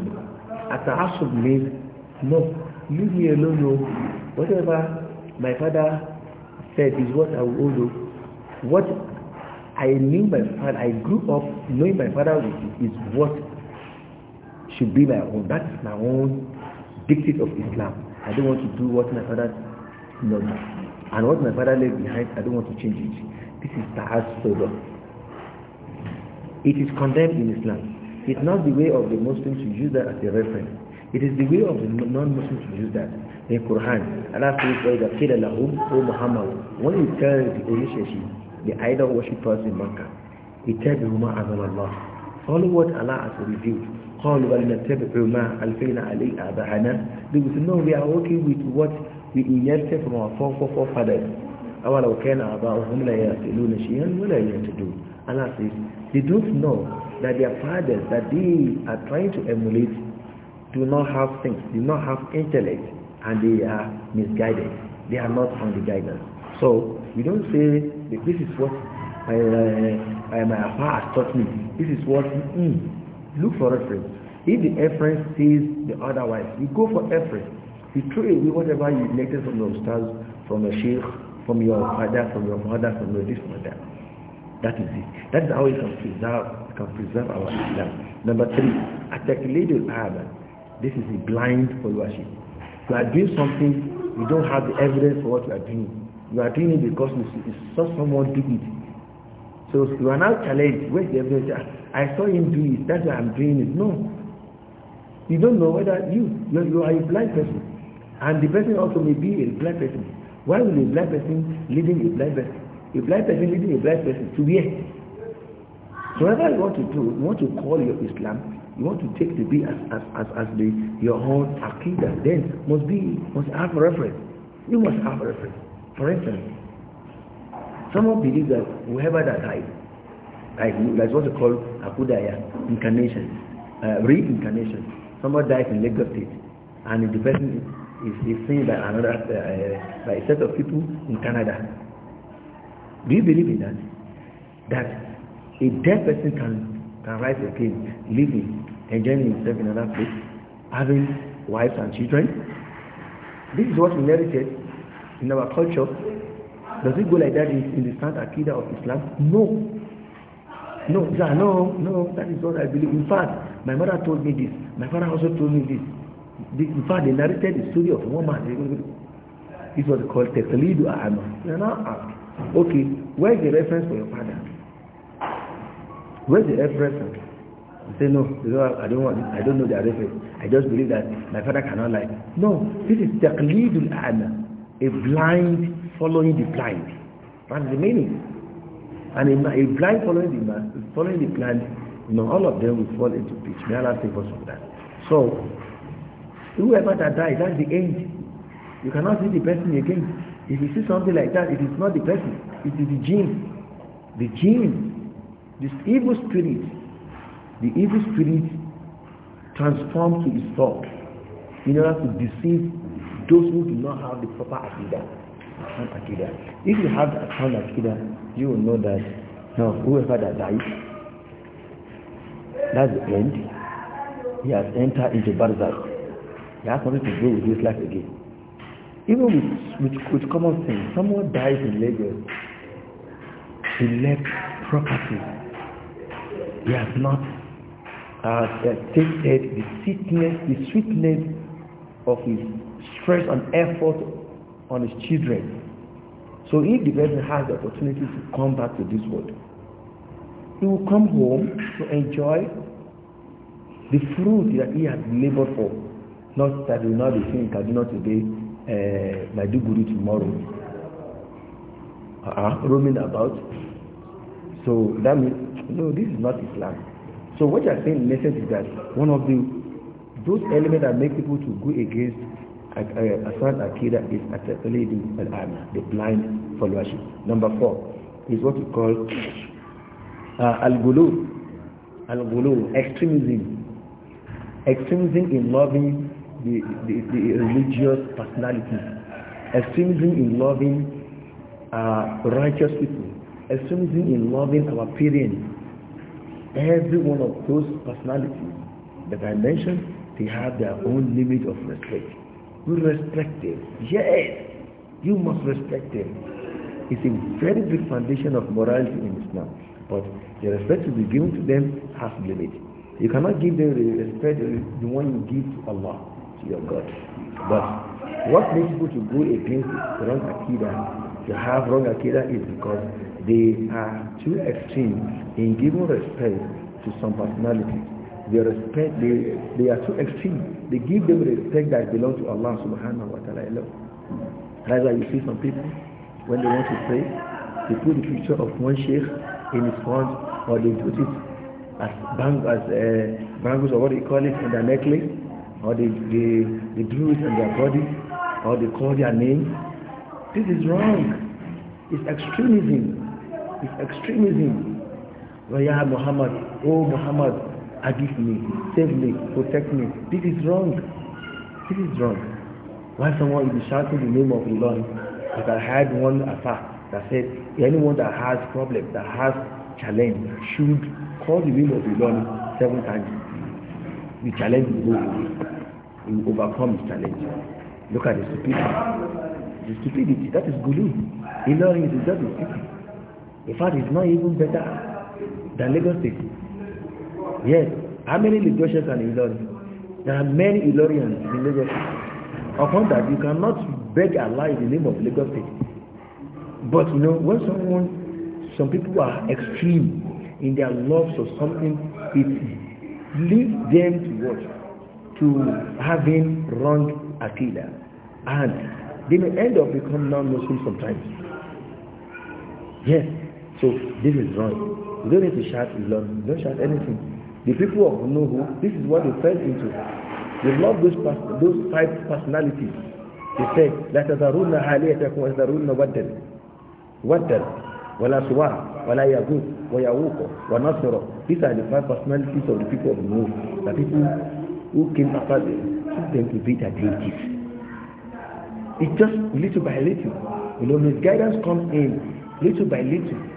Ata'asub means, no, leave me alone, no. Whatever my father said is what I will do. What I knew my father, I grew up knowing my father is what should be my own. That is my own dictate of Islam. I don't want to do what my father knows. And what my father left behind, I don't want to change it. This is Ta'as It is condemned in Islam. It's not the way of the Muslims to use that as a reference. It is the way of the non-Muslims to use that. In Qur'an aláfíìsọ ìgbà kílẹ̀ lahum ó Muhammad wọ́n yìí tẹ́rẹ̀ the oníṣẹ́ṣì the idol worshippers in Makkah ìtẹ́bìrì ma àzọlọ́lọ́ follow what Allah has revealed قالوا بل نتبع ما ألفينا عليه آباءنا because no we are working with what we inherited from our forefathers أولو كان آباؤهم لا يأكلون شيئا ولا يهتدون Allah says they don't know that their fathers that they are trying to emulate do not have things do not have intellect and they are misguided. They are not on the guidance. So we don't say this is what I, my father uh, taught me. This is what mm, look for reference. If the reference says the otherwise, you go for reference. You throw away whatever you neglected from your stars, from your sheikh, from your father, from your mother, from your this mother. That is it. That is how we can preserve, can preserve our Islam. Number three, attack little Arab. This is a blind followership. You are doing something, you don't have the evidence for what you are doing. You are doing it because you saw someone do it. So you are now challenged. Where's the evidence? Ah, I saw him do it. That's why I'm doing it. No. You don't know whether you, you, you are a blind person. And the person also may be a blind person. Why will a blind person leading a blind person? A blind person leading a blind person to where? So whatever you want to do, you want to call your Islam, You want to take the be as, as, as, as the, your own akida, then must be, must have reference. You must have reference. For instance, someone believes that whoever that died, like, that's what they call akudaya, incarnation, uh, reincarnation. Someone dies in Lagos State, and the person is, is seen by another, uh, uh, by a set of people in Canada. Do you believe in that? That a dead person can can rise again, living, enjoying himself in another place, having wives and children. This is what we inherited in our culture. Does it go like that in, the stand akida of Islam? No. No, no, no, that is what I believe. In fact, my mother told me this. My father also told me this. in fact, they narrated the story of a woman. This was called Tekalidu Ahama. You now asked, okay, where is the reference for your father? Where is the reference say, no, I don't want, I don't know the reference. I just believe that my father cannot lie. No, this is taqlidul a'ma, a blind following the blind. That's the meaning. And a, a blind following the man, following the blind, you know, all of them will fall into pitch. May Allah save us from that. So, whoever that dies, that's the end. You cannot see the person again. If you see something like that, it is not the person. It is the jinn. The jinn, this evil spirit the evil spirit transforms to his thought in order to deceive those who do not have the proper akida. If you have the sound akida, you will know that now whoever that dies, that's the end. He has entered into barzakh. He has nothing to do with this life again. Even with, with, with common sense, someone dies in Lagos, he left property. He has not has uh, tasted the sweetness, the sweetness of his stress and effort on his children. So if the person has the opportunity to come back to this world, he will come home to enjoy the fruit that he has labored for. Not that will not be seen in Kaduna today, uh, Maiduguri tomorrow. Uh -uh, roaming about. So that means, no, this is not Islam. So what you are saying in essence is that one of the those elements that make people to go against uh, uh, Asad Akira is actually the al-Ama, the blind followership. Number four is what we call uh, al-Gulu, al-Gulu, extremism. Extremism in loving the, the, the religious personality. Extremism in loving uh, righteous people. Extremism in loving our parents every one of those personalities that I mentioned, they have their own limit of respect. You respect them. Yes, you must respect them. It's a very big foundation of morality in Islam. But the respect to be given to them has limit. You cannot give them the respect the one you give to Allah, to your God. But what makes people to go against the wrong akida, to have wrong akida is because they are too extreme in giving respect to some personalities. They respect they, they are too extreme. They give them respect that belongs to Allah subhanahu wa ta'ala Rather, That's why you see some people when they want to pray, they put the picture of one sheikh in his front or they put it as bang as uh, bangles or what they call it in their necklace or they, they, they drew it on their body or they call their name. This is wrong. It's extremism. is extremism. Well, Muhammad, oh Muhammad, forgive me, save me, protect me. This is wrong. This is wrong. Why someone is shouting the name of Elon? Because I had one affair that said anyone that has problem, that has challenge, should call the name of Elon seven times. The challenge will go away. It will overcome his challenge. Look at the stupidity. The stupidity, that is bullying. Elon is just stupid. In fact, it's not even better than Lagos State. Yes. How many Lagosians are in Ilorin? There are many Ilorians in Lagos State. Upon that, you cannot beg Allah in the name of Lagos State. But you know, when someone, some people are extreme in their loves of something, it leads them to what? To having wrong akida. And they may end up becoming non-Muslim sometimes. Yes. So this is wrong. You don't need to shout Islam. Don't shout anything. The people of Nuhu, this is what they fell into. They love those those five personalities. They say, لا تذرون آلهتكم وتذرون ودا ودا ولا سواع ولا يغوث ويعوق ونصر. These are the five personalities of the people of Nuhu. The people who came after them took them to be their deities. It's just little by little. You know, misguidance comes in little by little.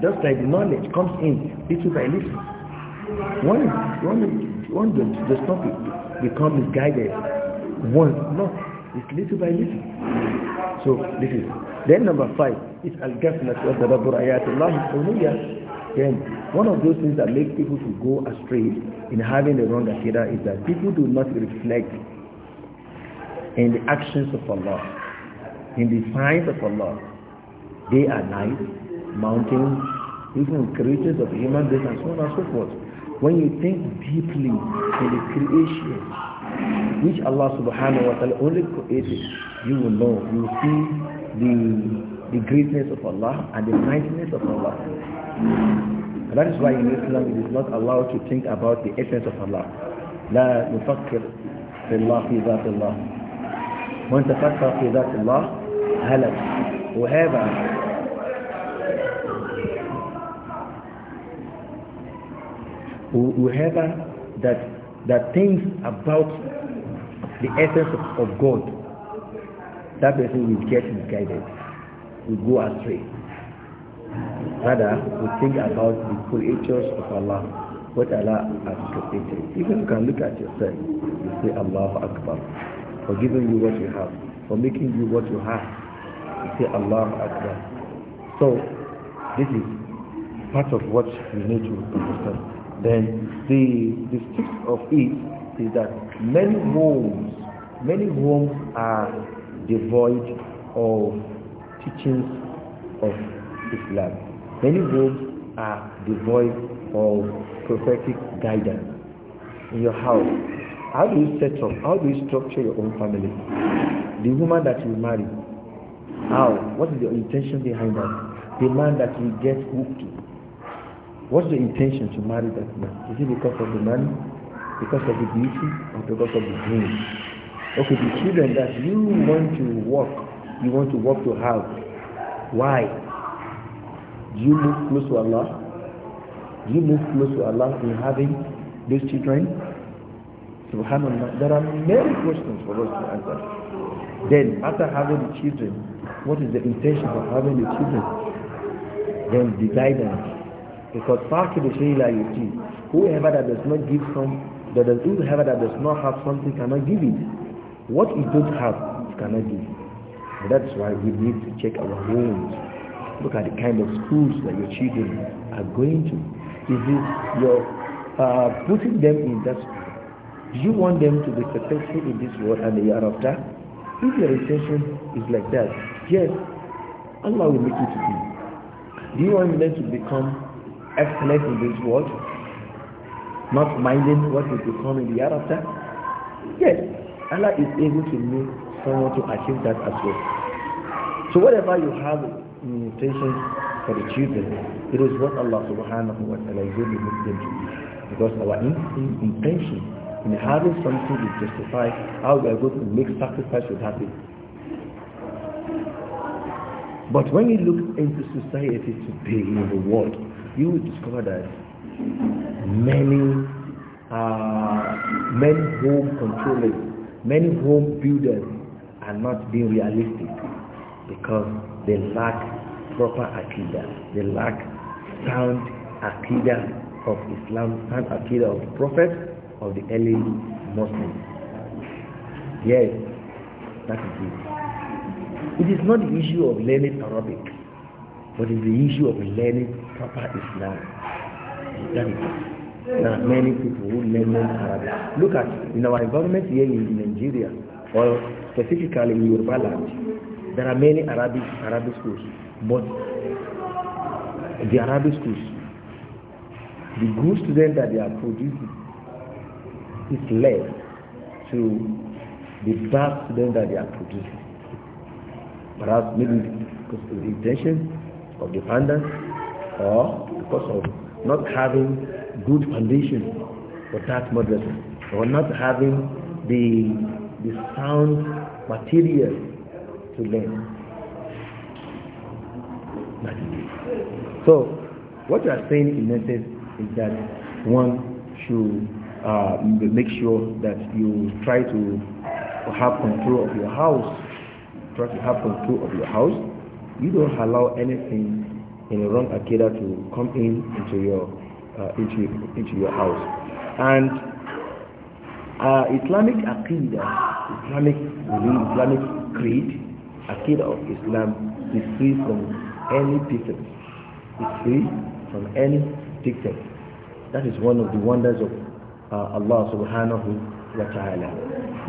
Just like knowledge comes in, little by little. One, one, one one, not just become misguided. One, no. It's little by little. So this is. Then number five is al-gaflat wa tadabbur ayatullah al-uliyah. Then one of those things that make people to go astray in having the wrong akira is that people do not reflect in the actions of Allah, in the signs of Allah. They are nice, mountains, even creatures of human beings and so on and so forth. When you think deeply in the creation which Allah subhanahu wa ta'ala only created, you will know, you will see the, the greatness of Allah and the mightiness of Allah. that is why in Islam it is not allowed to think about the essence of Allah. لا نفكر في الله في ذات الله. من تفكر في ذات الله هلك. Whoever whoever that that thinks about the essence of, of God, that person will get misguided, will go astray. Rather, we think about the creatures of Allah, what Allah has created. Even you can look at yourself, you say Allah Akbar, for giving you what you have, for making you what you have, you say Allah Akbar. So, this is part of what we need to understand. Then the, the sixth of it is that many homes, many homes are devoid of teachings of Islam. Many homes are devoid of prophetic guidance. In your house, how do you set up, how do you structure your own family? The woman that you marry, how? What is your intention behind that? The man that you get hooked to, What's the intention to marry that man? Is it because of the money, because of the beauty, or because of the dream? Okay, the children that you want to work, you want to work to have. Why? Do you move close to Allah? Do you move close to Allah in having these children? Subhanallah. There are many questions for us to answer. Then, after having the children, what is the intention of having the children? Then the guidance because Fakibishila you see, whoever that does not give some that does whoever that does not have something cannot give it. What it don't have, it cannot give. And that's why we need to check our homes. Look at the kind of schools that your children are going to. Is it your uh, putting them in that school? Do you want them to be successful in this world and the year after? If your intention is like that, yes, Allah will make you to be. Do you want them to become excellence in this world, not minding what will become in the hereafter? Yes, Allah is able to make someone to achieve that as well. So whatever you have in intention for the children, it is what Allah subhanahu wa ta'ala is able to them to be. Because our intention in having something to justify how we are going to make sacrifice with happen. But when you look into society today in the world, you will discover that many uh, many home controllers, many home builders are not being realistic because they lack proper akida. They lack sound akida of Islam, sound akida of the Prophet of the early Muslims. Yes, that is it. It is not the issue of learning Arabic, but it is the issue of learning proper Islam. now many people who learn Arabic. Look at in our environment here in Nigeria, or specifically in Yoruba land, there are many Arabic Arabic schools, but the Arabic schools, the good students that they are producing is less to the bad students that they are producing. Perhaps maybe because of the intention of the founders or because of not having good foundation for that madrasa or not having the, the sound material to learn. So, what you are saying in essence is that one should uh, make sure that you try to have control of your house. Try to have control of your house. You don't allow anything in a wrong akida to come in into your uh, into into your house and uh, Islamic akida Islamic belief Islamic creed akida of Islam is free from any people, is free from any defect. that is one of the wonders of uh, Allah subhanahu wa ta'ala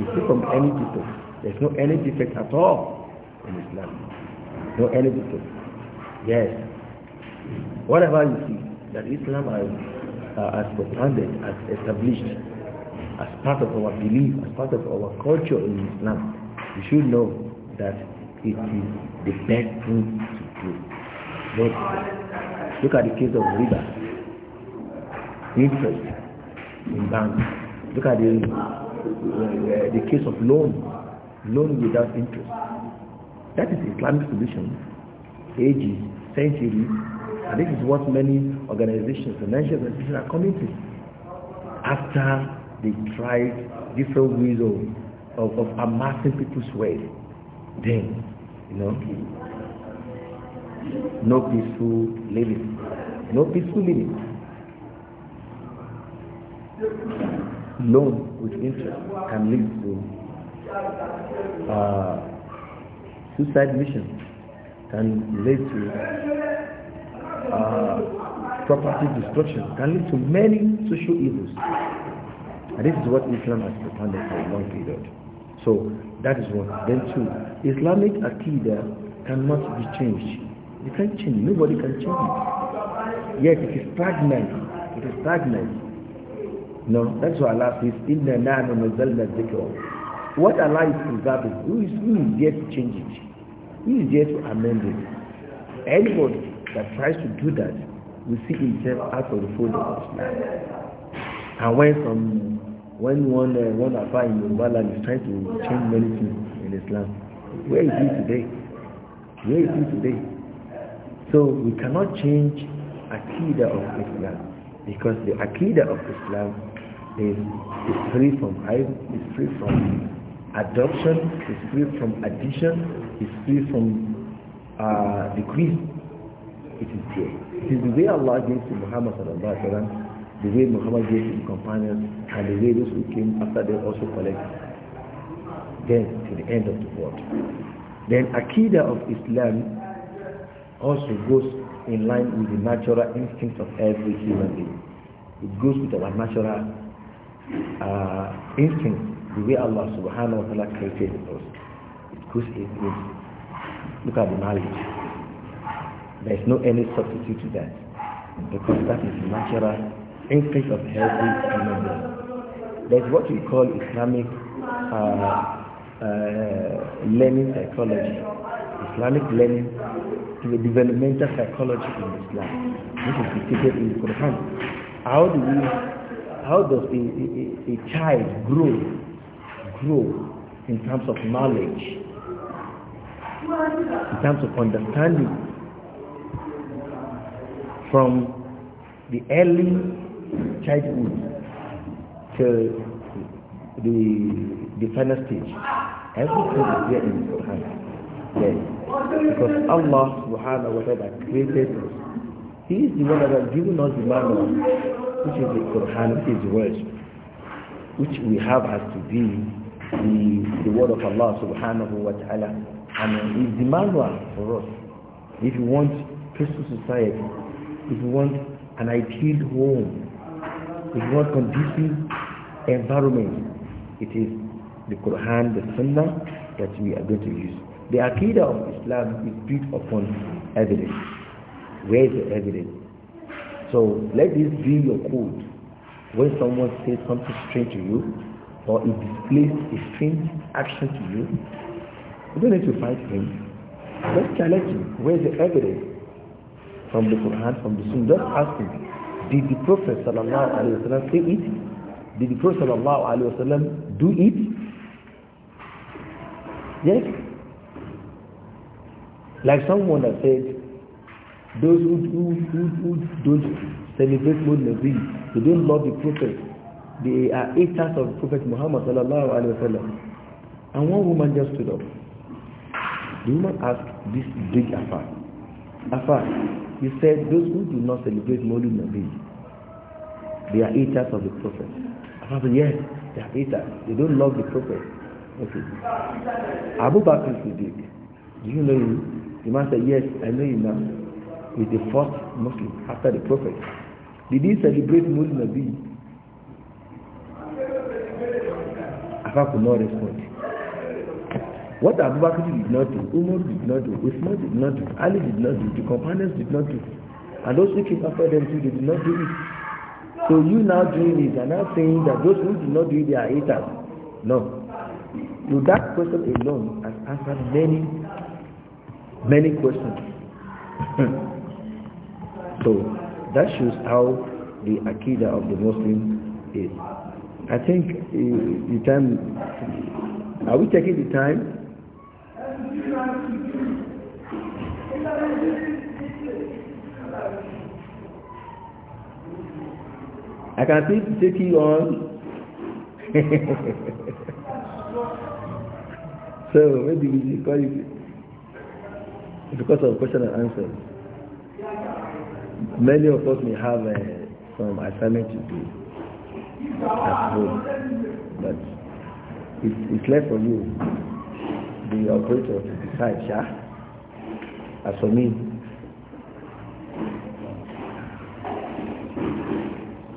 is free from any people, there's no any defect at all in Islam no any defect. yes Whatever you see that Islam has, uh, has propounded, has established as part of our belief, as part of our culture in Islam, you should know that it is the best thing to do. But look at the case of riba, interest in banks. Look at the, uh, the case of loan, loan without interest. That is Islamic solution, ages, centuries, and this is what many organizations, financial organizations are coming to after they tried different ways of, of, of amassing people's wealth. Then, you know, no peaceful living. No peaceful living. Loan with interest can lead to uh, suicide mission, can lead to uh, property destruction can lead to many social evils. And this is what Islam has propounded for a long period. So that is one. Then two, Islamic Aqidah cannot be changed. You can't change it. Nobody can change it. Yes, it is stagnant. It is stagnant. No, that's why Allah says, Inna na'na nazalna dhikra. What Allah is preserving, who is, who is there to change it? Who is there to amend it? Anybody that tries to do that will see himself out of the fold of Islam. And when some when one uh, one of in Yoruba land is trying to change many things in Islam, where is he today? Where is he today? So we cannot change Aqidah of Islam because the Aqidah of Islam is, is free from hype, is free from adoption, is free from addition, is free from uh, decrease it is pure. It is the way Allah gave to Muhammad sallallahu alaihi wasallam, the way Muhammad gave to his companions, and the way those who came after them also collected. them to the end of the world. Then Akida of Islam also goes in line with the natural instinct of every human being. It goes with our natural uh, instinct, the way Allah subhanahu wa ta'ala created us. It goes in, in look at the marriage. There is no any substitute to that because that is natural increase of healthy human There's what we call Islamic uh, uh, learning psychology. Islamic learning to the developmental psychology in Islam. This is depicted in the Quran. How do we, how does a, a, a child grow, grow in terms of knowledge, in terms of understanding, from the early childhood till the the final stage. Everything is there in Quran. Yes. Because Allah subhanahu wa ta'ala created us. He is the one that has given us the manual, which is the Quran, which is the word, which we have as to be the, the word of Allah subhanahu wa ta'ala. And it's the manual for us. If you want peaceful society, if you want an ideal home, if you want conducive environment, it is the Quran, the Sunnah that we are going to use. The Aqidah of Islam is built upon evidence. Where is the evidence? So let this be your code. When someone says something strange to you, or it displays a strange action to you, you don't need to fight him. Just challenge him. Where is the evidence? from the Quran, from the Sunnah. Just ask him, did the Prophet sallallahu alaihi wasallam say it? Did the Prophet sallallahu alaihi wasallam do it? Yes. Like someone has said, those who, who, who, who don't celebrate Moon Nabi, they don't love the Prophet, they are haters of the Prophet Muhammad sallallahu alaihi wasallam. And one woman just stood up. The woman asked this big affair. Affair, He said, those who do not celebrate Maulid Nabi, they are haters of the Prophet. I said, yes, they are haters. They don't love the Prophet. Okay. Abu Bakr Siddiq, do you know him? The man said, yes, I know him now. He's the first Muslim after the Prophet. Did he celebrate Maulid Nabi? I could not respond. What Abu Bakr did not do, Umar did not do, Uthman did not do, Ali did not do, the companions did not do. And those who came after them too, they did not do it. So you now doing it and now saying that those who did not do it, they are haters. No. So that question alone has answered many, many questions. so that shows how the akida of the Muslim is. I think uh, the time, are we taking the time? I can still take you on. so maybe we should call you because of question and answer. Many of us may have uh, some assignment to do at home, but it's, it's left for you the operator to decide, yeah? As for me,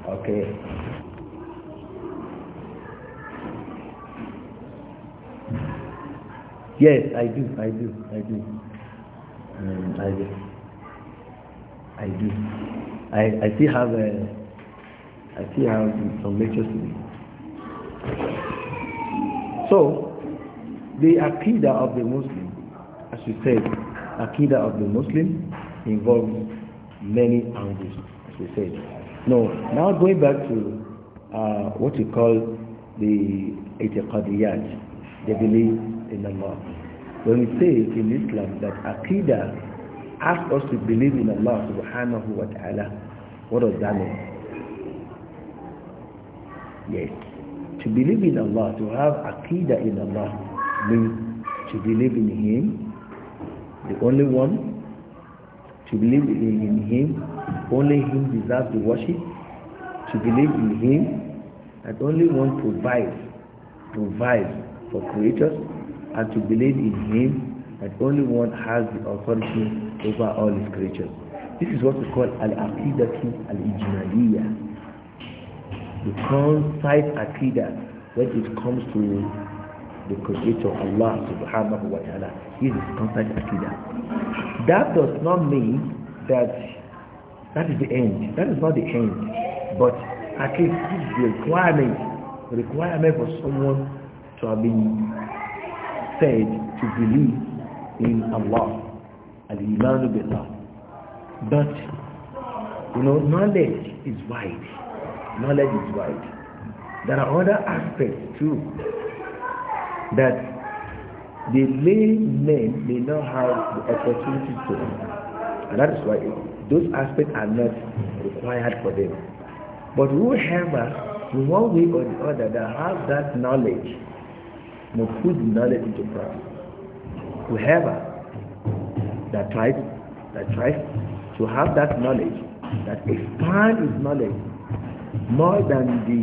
okay. Yes, I do, I do, I do. Um, I do. I do. I, I still have a, uh, I still have some lectures to do. So, the akida of the Muslim, as we said, akida of the Muslim involves many angles, as we said. No, now going back to uh, what you call the itiqadiyat, the belief in Allah. When we say in Islam that aqidah asks us to believe in Allah subhanahu wa ta'ala, what does that mean? Yes, to believe in Allah, to have aqidah in Allah, means to believe in Him, the only one, to believe in Him, only Him deserves the worship, to believe in Him, and only one provides, provides for creators, and to believe in Him, and only one has the authority over all His creatures. This is what we call Al-Aqidatu Al-Ijmaliyah. The concise Aqidah when it comes to the creator Allah subhanahu wa ta'ala is his constant akidah. That does not mean that that is the end. That is not the end. But at least this is the requirement, requirement for someone to have been said to believe in Allah. Al-Iman billah. But, you know, knowledge is wide. Knowledge is wide. There are other aspects too that the lay men may not have the opportunity to and that is why those aspects are not required for them but whoever in one way or the other that have that knowledge will put the knowledge into practice whoever that tries that tries to have that knowledge that expand his knowledge more than the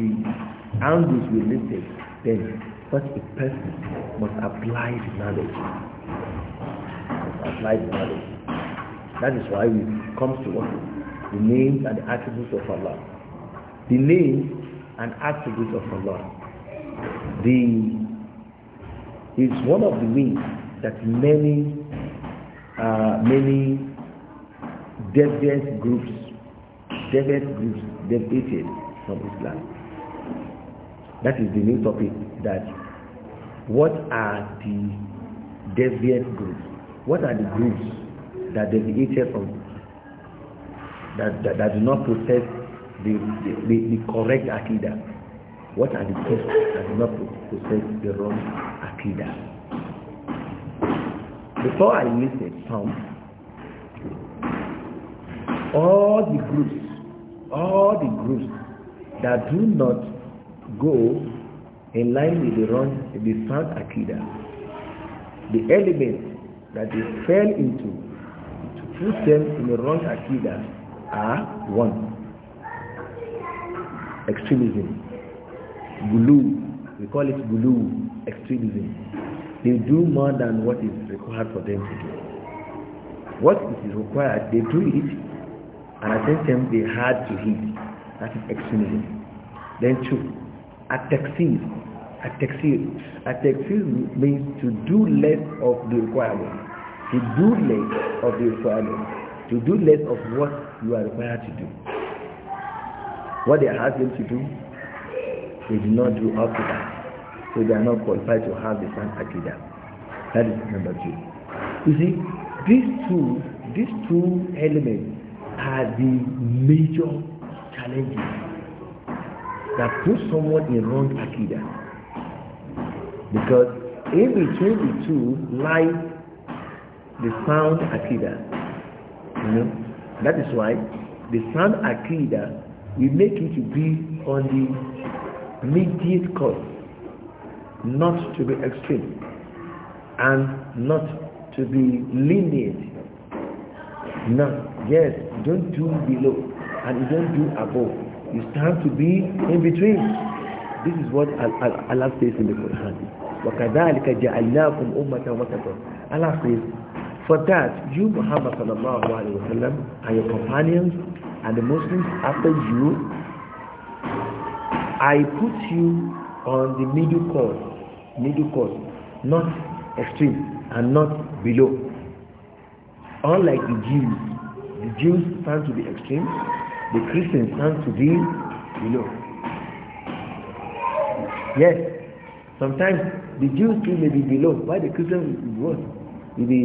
angles we listed then such a person must apply the knowledge. Apply the knowledge. That is why we come to us the names and the attributes of Allah. The names and attributes of Allah. The is one of the ways that many uh, many deviant groups deviant groups deviated from Islam. That is the new topic that what are the deviant groups? What are the groups that deviated from that, that, that do not possess the, the, the, the correct akida? What are the groups that do not possess the wrong akida? Before I list it, some, all the groups, all the groups that do not go in line with the wrong, the sound akida, the elements that they fell into to put them in the wrong akida are one, extremism, gulu, we call it gulu, extremism. They do more than what is required for them to do. What is required, they do it, and at the same time they hard to hit. That is extremism. Then two, At-taksir. at means to do less of the requirement. To do less of the requirement. To do less of what you are required to do. What they are asking to do, they did not do up to that. So they are not qualified to have the same akida. That is number two. You see, these two, these two elements are the major challenges that puts someone in wrong akida. Because in between the two lies the sound akida. You know? That is why the sound akida we make it to be on the mediate course, not to be extreme and not to be lenient. No, yes, don't do below and don't do above. You stand to be in between. This is what Allah says in the Quran. وَكَذَلِكَ جَعَلْنَاكُمْ أُمَّةً وَسَطًا Allah says, for that, you Muhammad sallallahu alayhi wa sallam and your companions and the Muslims after you, I put you on the middle course, middle course, not extreme and not below. Unlike the Jews, the Jews stand to be extreme the Christians stand to be below. Yes, sometimes the Jews too may be below, why the Christians will be worse, will be,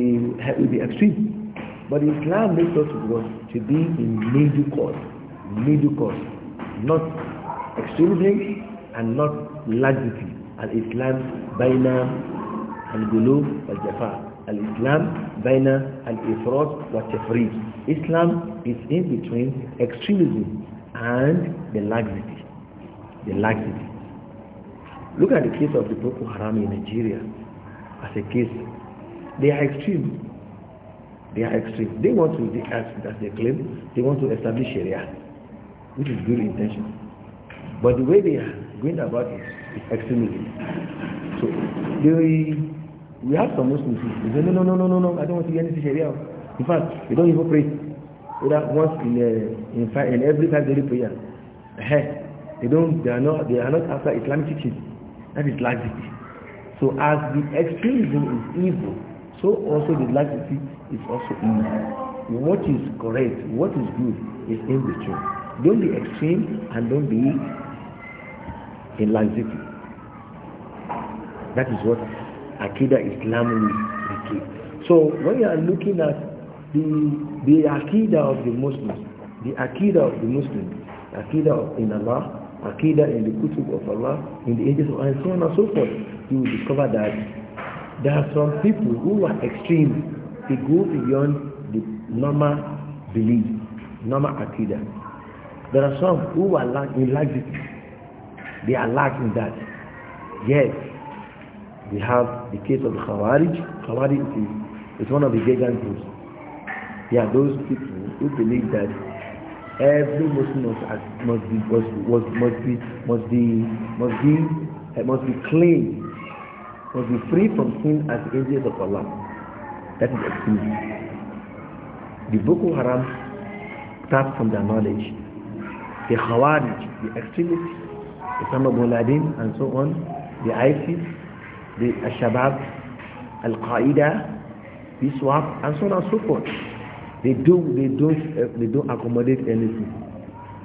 will be extreme. But Islam makes us worse, to be in middle course, middle course, not extremism and not laxity. Al-Islam, Bainam, and gulub Al-Jafar. Al-Islam baina al-ifrat wa free. Islam is in between extremism and the laxity. The laxity. Look at the case of the Boko Haram in Nigeria as a case. They are extreme. They are extreme. They want to, as, they claim, they want to establish Sharia, which is good intention. But the way they are going about it is extremism. So the we have some Muslims who say no no no no no no I don't want to hear anything Sharia in fact they don't even pray whether once in uh, in, five, in every time daily prayer hey, they don't they are not they are not after Islamic teaching that is laxity so as the extremism is evil so also the laxity is also evil what is correct what is good is in the between don't be extreme and don't be in laxity that is what Akida Islamic So when you are looking at the, the Akida of the Muslims, the Akida of the Muslims, Akida in Allah, Akida in the Kutub of Allah, in the ages of and so on and so forth, you will discover that there are some people who are extreme. They go beyond the normal belief, normal Akida. There are some who are lack in They are lacking that. Yes, we have the case of the Khawarij. Khawarij is, is one of the pagan groups. They are those people who believe that every Muslim must, must be must, must, must be must be must be eh, must be clean, must be free from sin as angels of Allah. That is extremism. The Boko Haram starts from their knowledge. The Khawarij, the extremists, the Taliban, and so on, the ISIS, الشباب Al-Qaeda, ISWAP, and so on and so forth. They don't, they don't, uh, they don't accommodate anything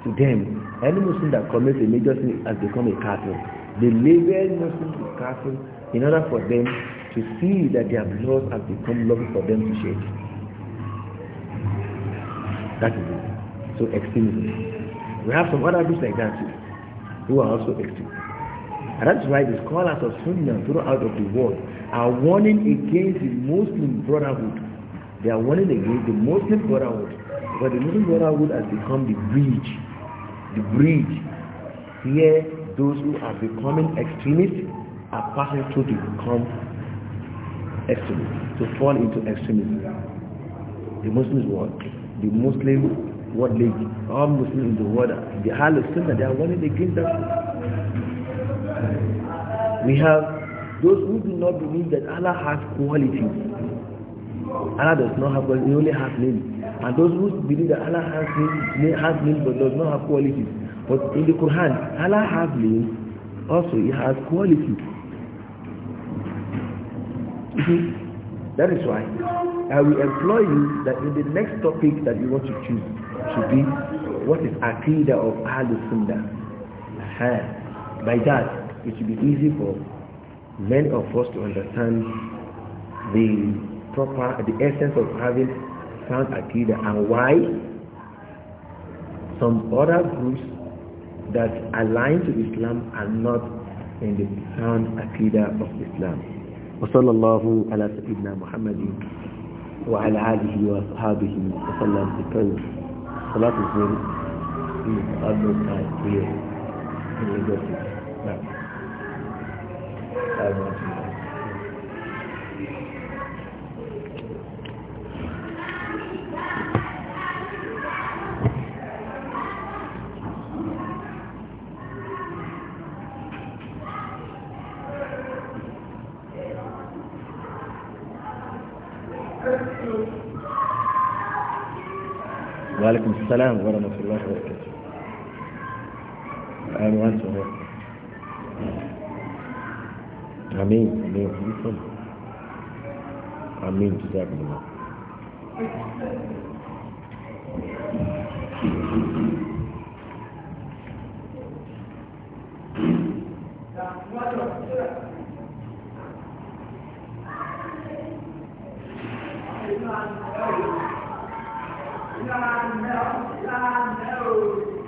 to them. Any Muslim that commits a major sin has become a kafir. They label Muslims as kafir in order for them to see that their blood has become laws for them to shed. That is it. So extremism. We have some other groups like that too, who are also extreme. And that's why the scholars of Sunnah throughout of the world are warning against the Muslim Brotherhood. They are warning against the Muslim Brotherhood. But the Muslim Brotherhood has become the bridge. The bridge. Here, those who are becoming extremists are passing through to become extremists, to fall into extremism. The Muslims world, the Muslim world league, all Muslims in the world, the Ahlul Sunnah, they are warning against that. We have those who do not believe that Allah has qualities. Allah does not have qualities, he only has names. And those who believe that Allah has names, has names but does not have qualities. But in the Quran, Allah has names, also he has qualities. that is why I will employ you that in the next topic that you want to choose should be what is Aqidah of Ahlul Sunnah. By that, it will be easy for many of us to understand the proper, the essence of having sound akida and why some other groups that align to Islam are not in the sound akida of Islam. وصلى الله على سيدنا محمد وعلى آله وصحابه وسلم بكل صلاة الظهر في أرض الكافية من وعليكم السلام ورحمة الله وبركاته أهلا وسهلا àmín àmín àmín jíjà gbọmọ. Thank you.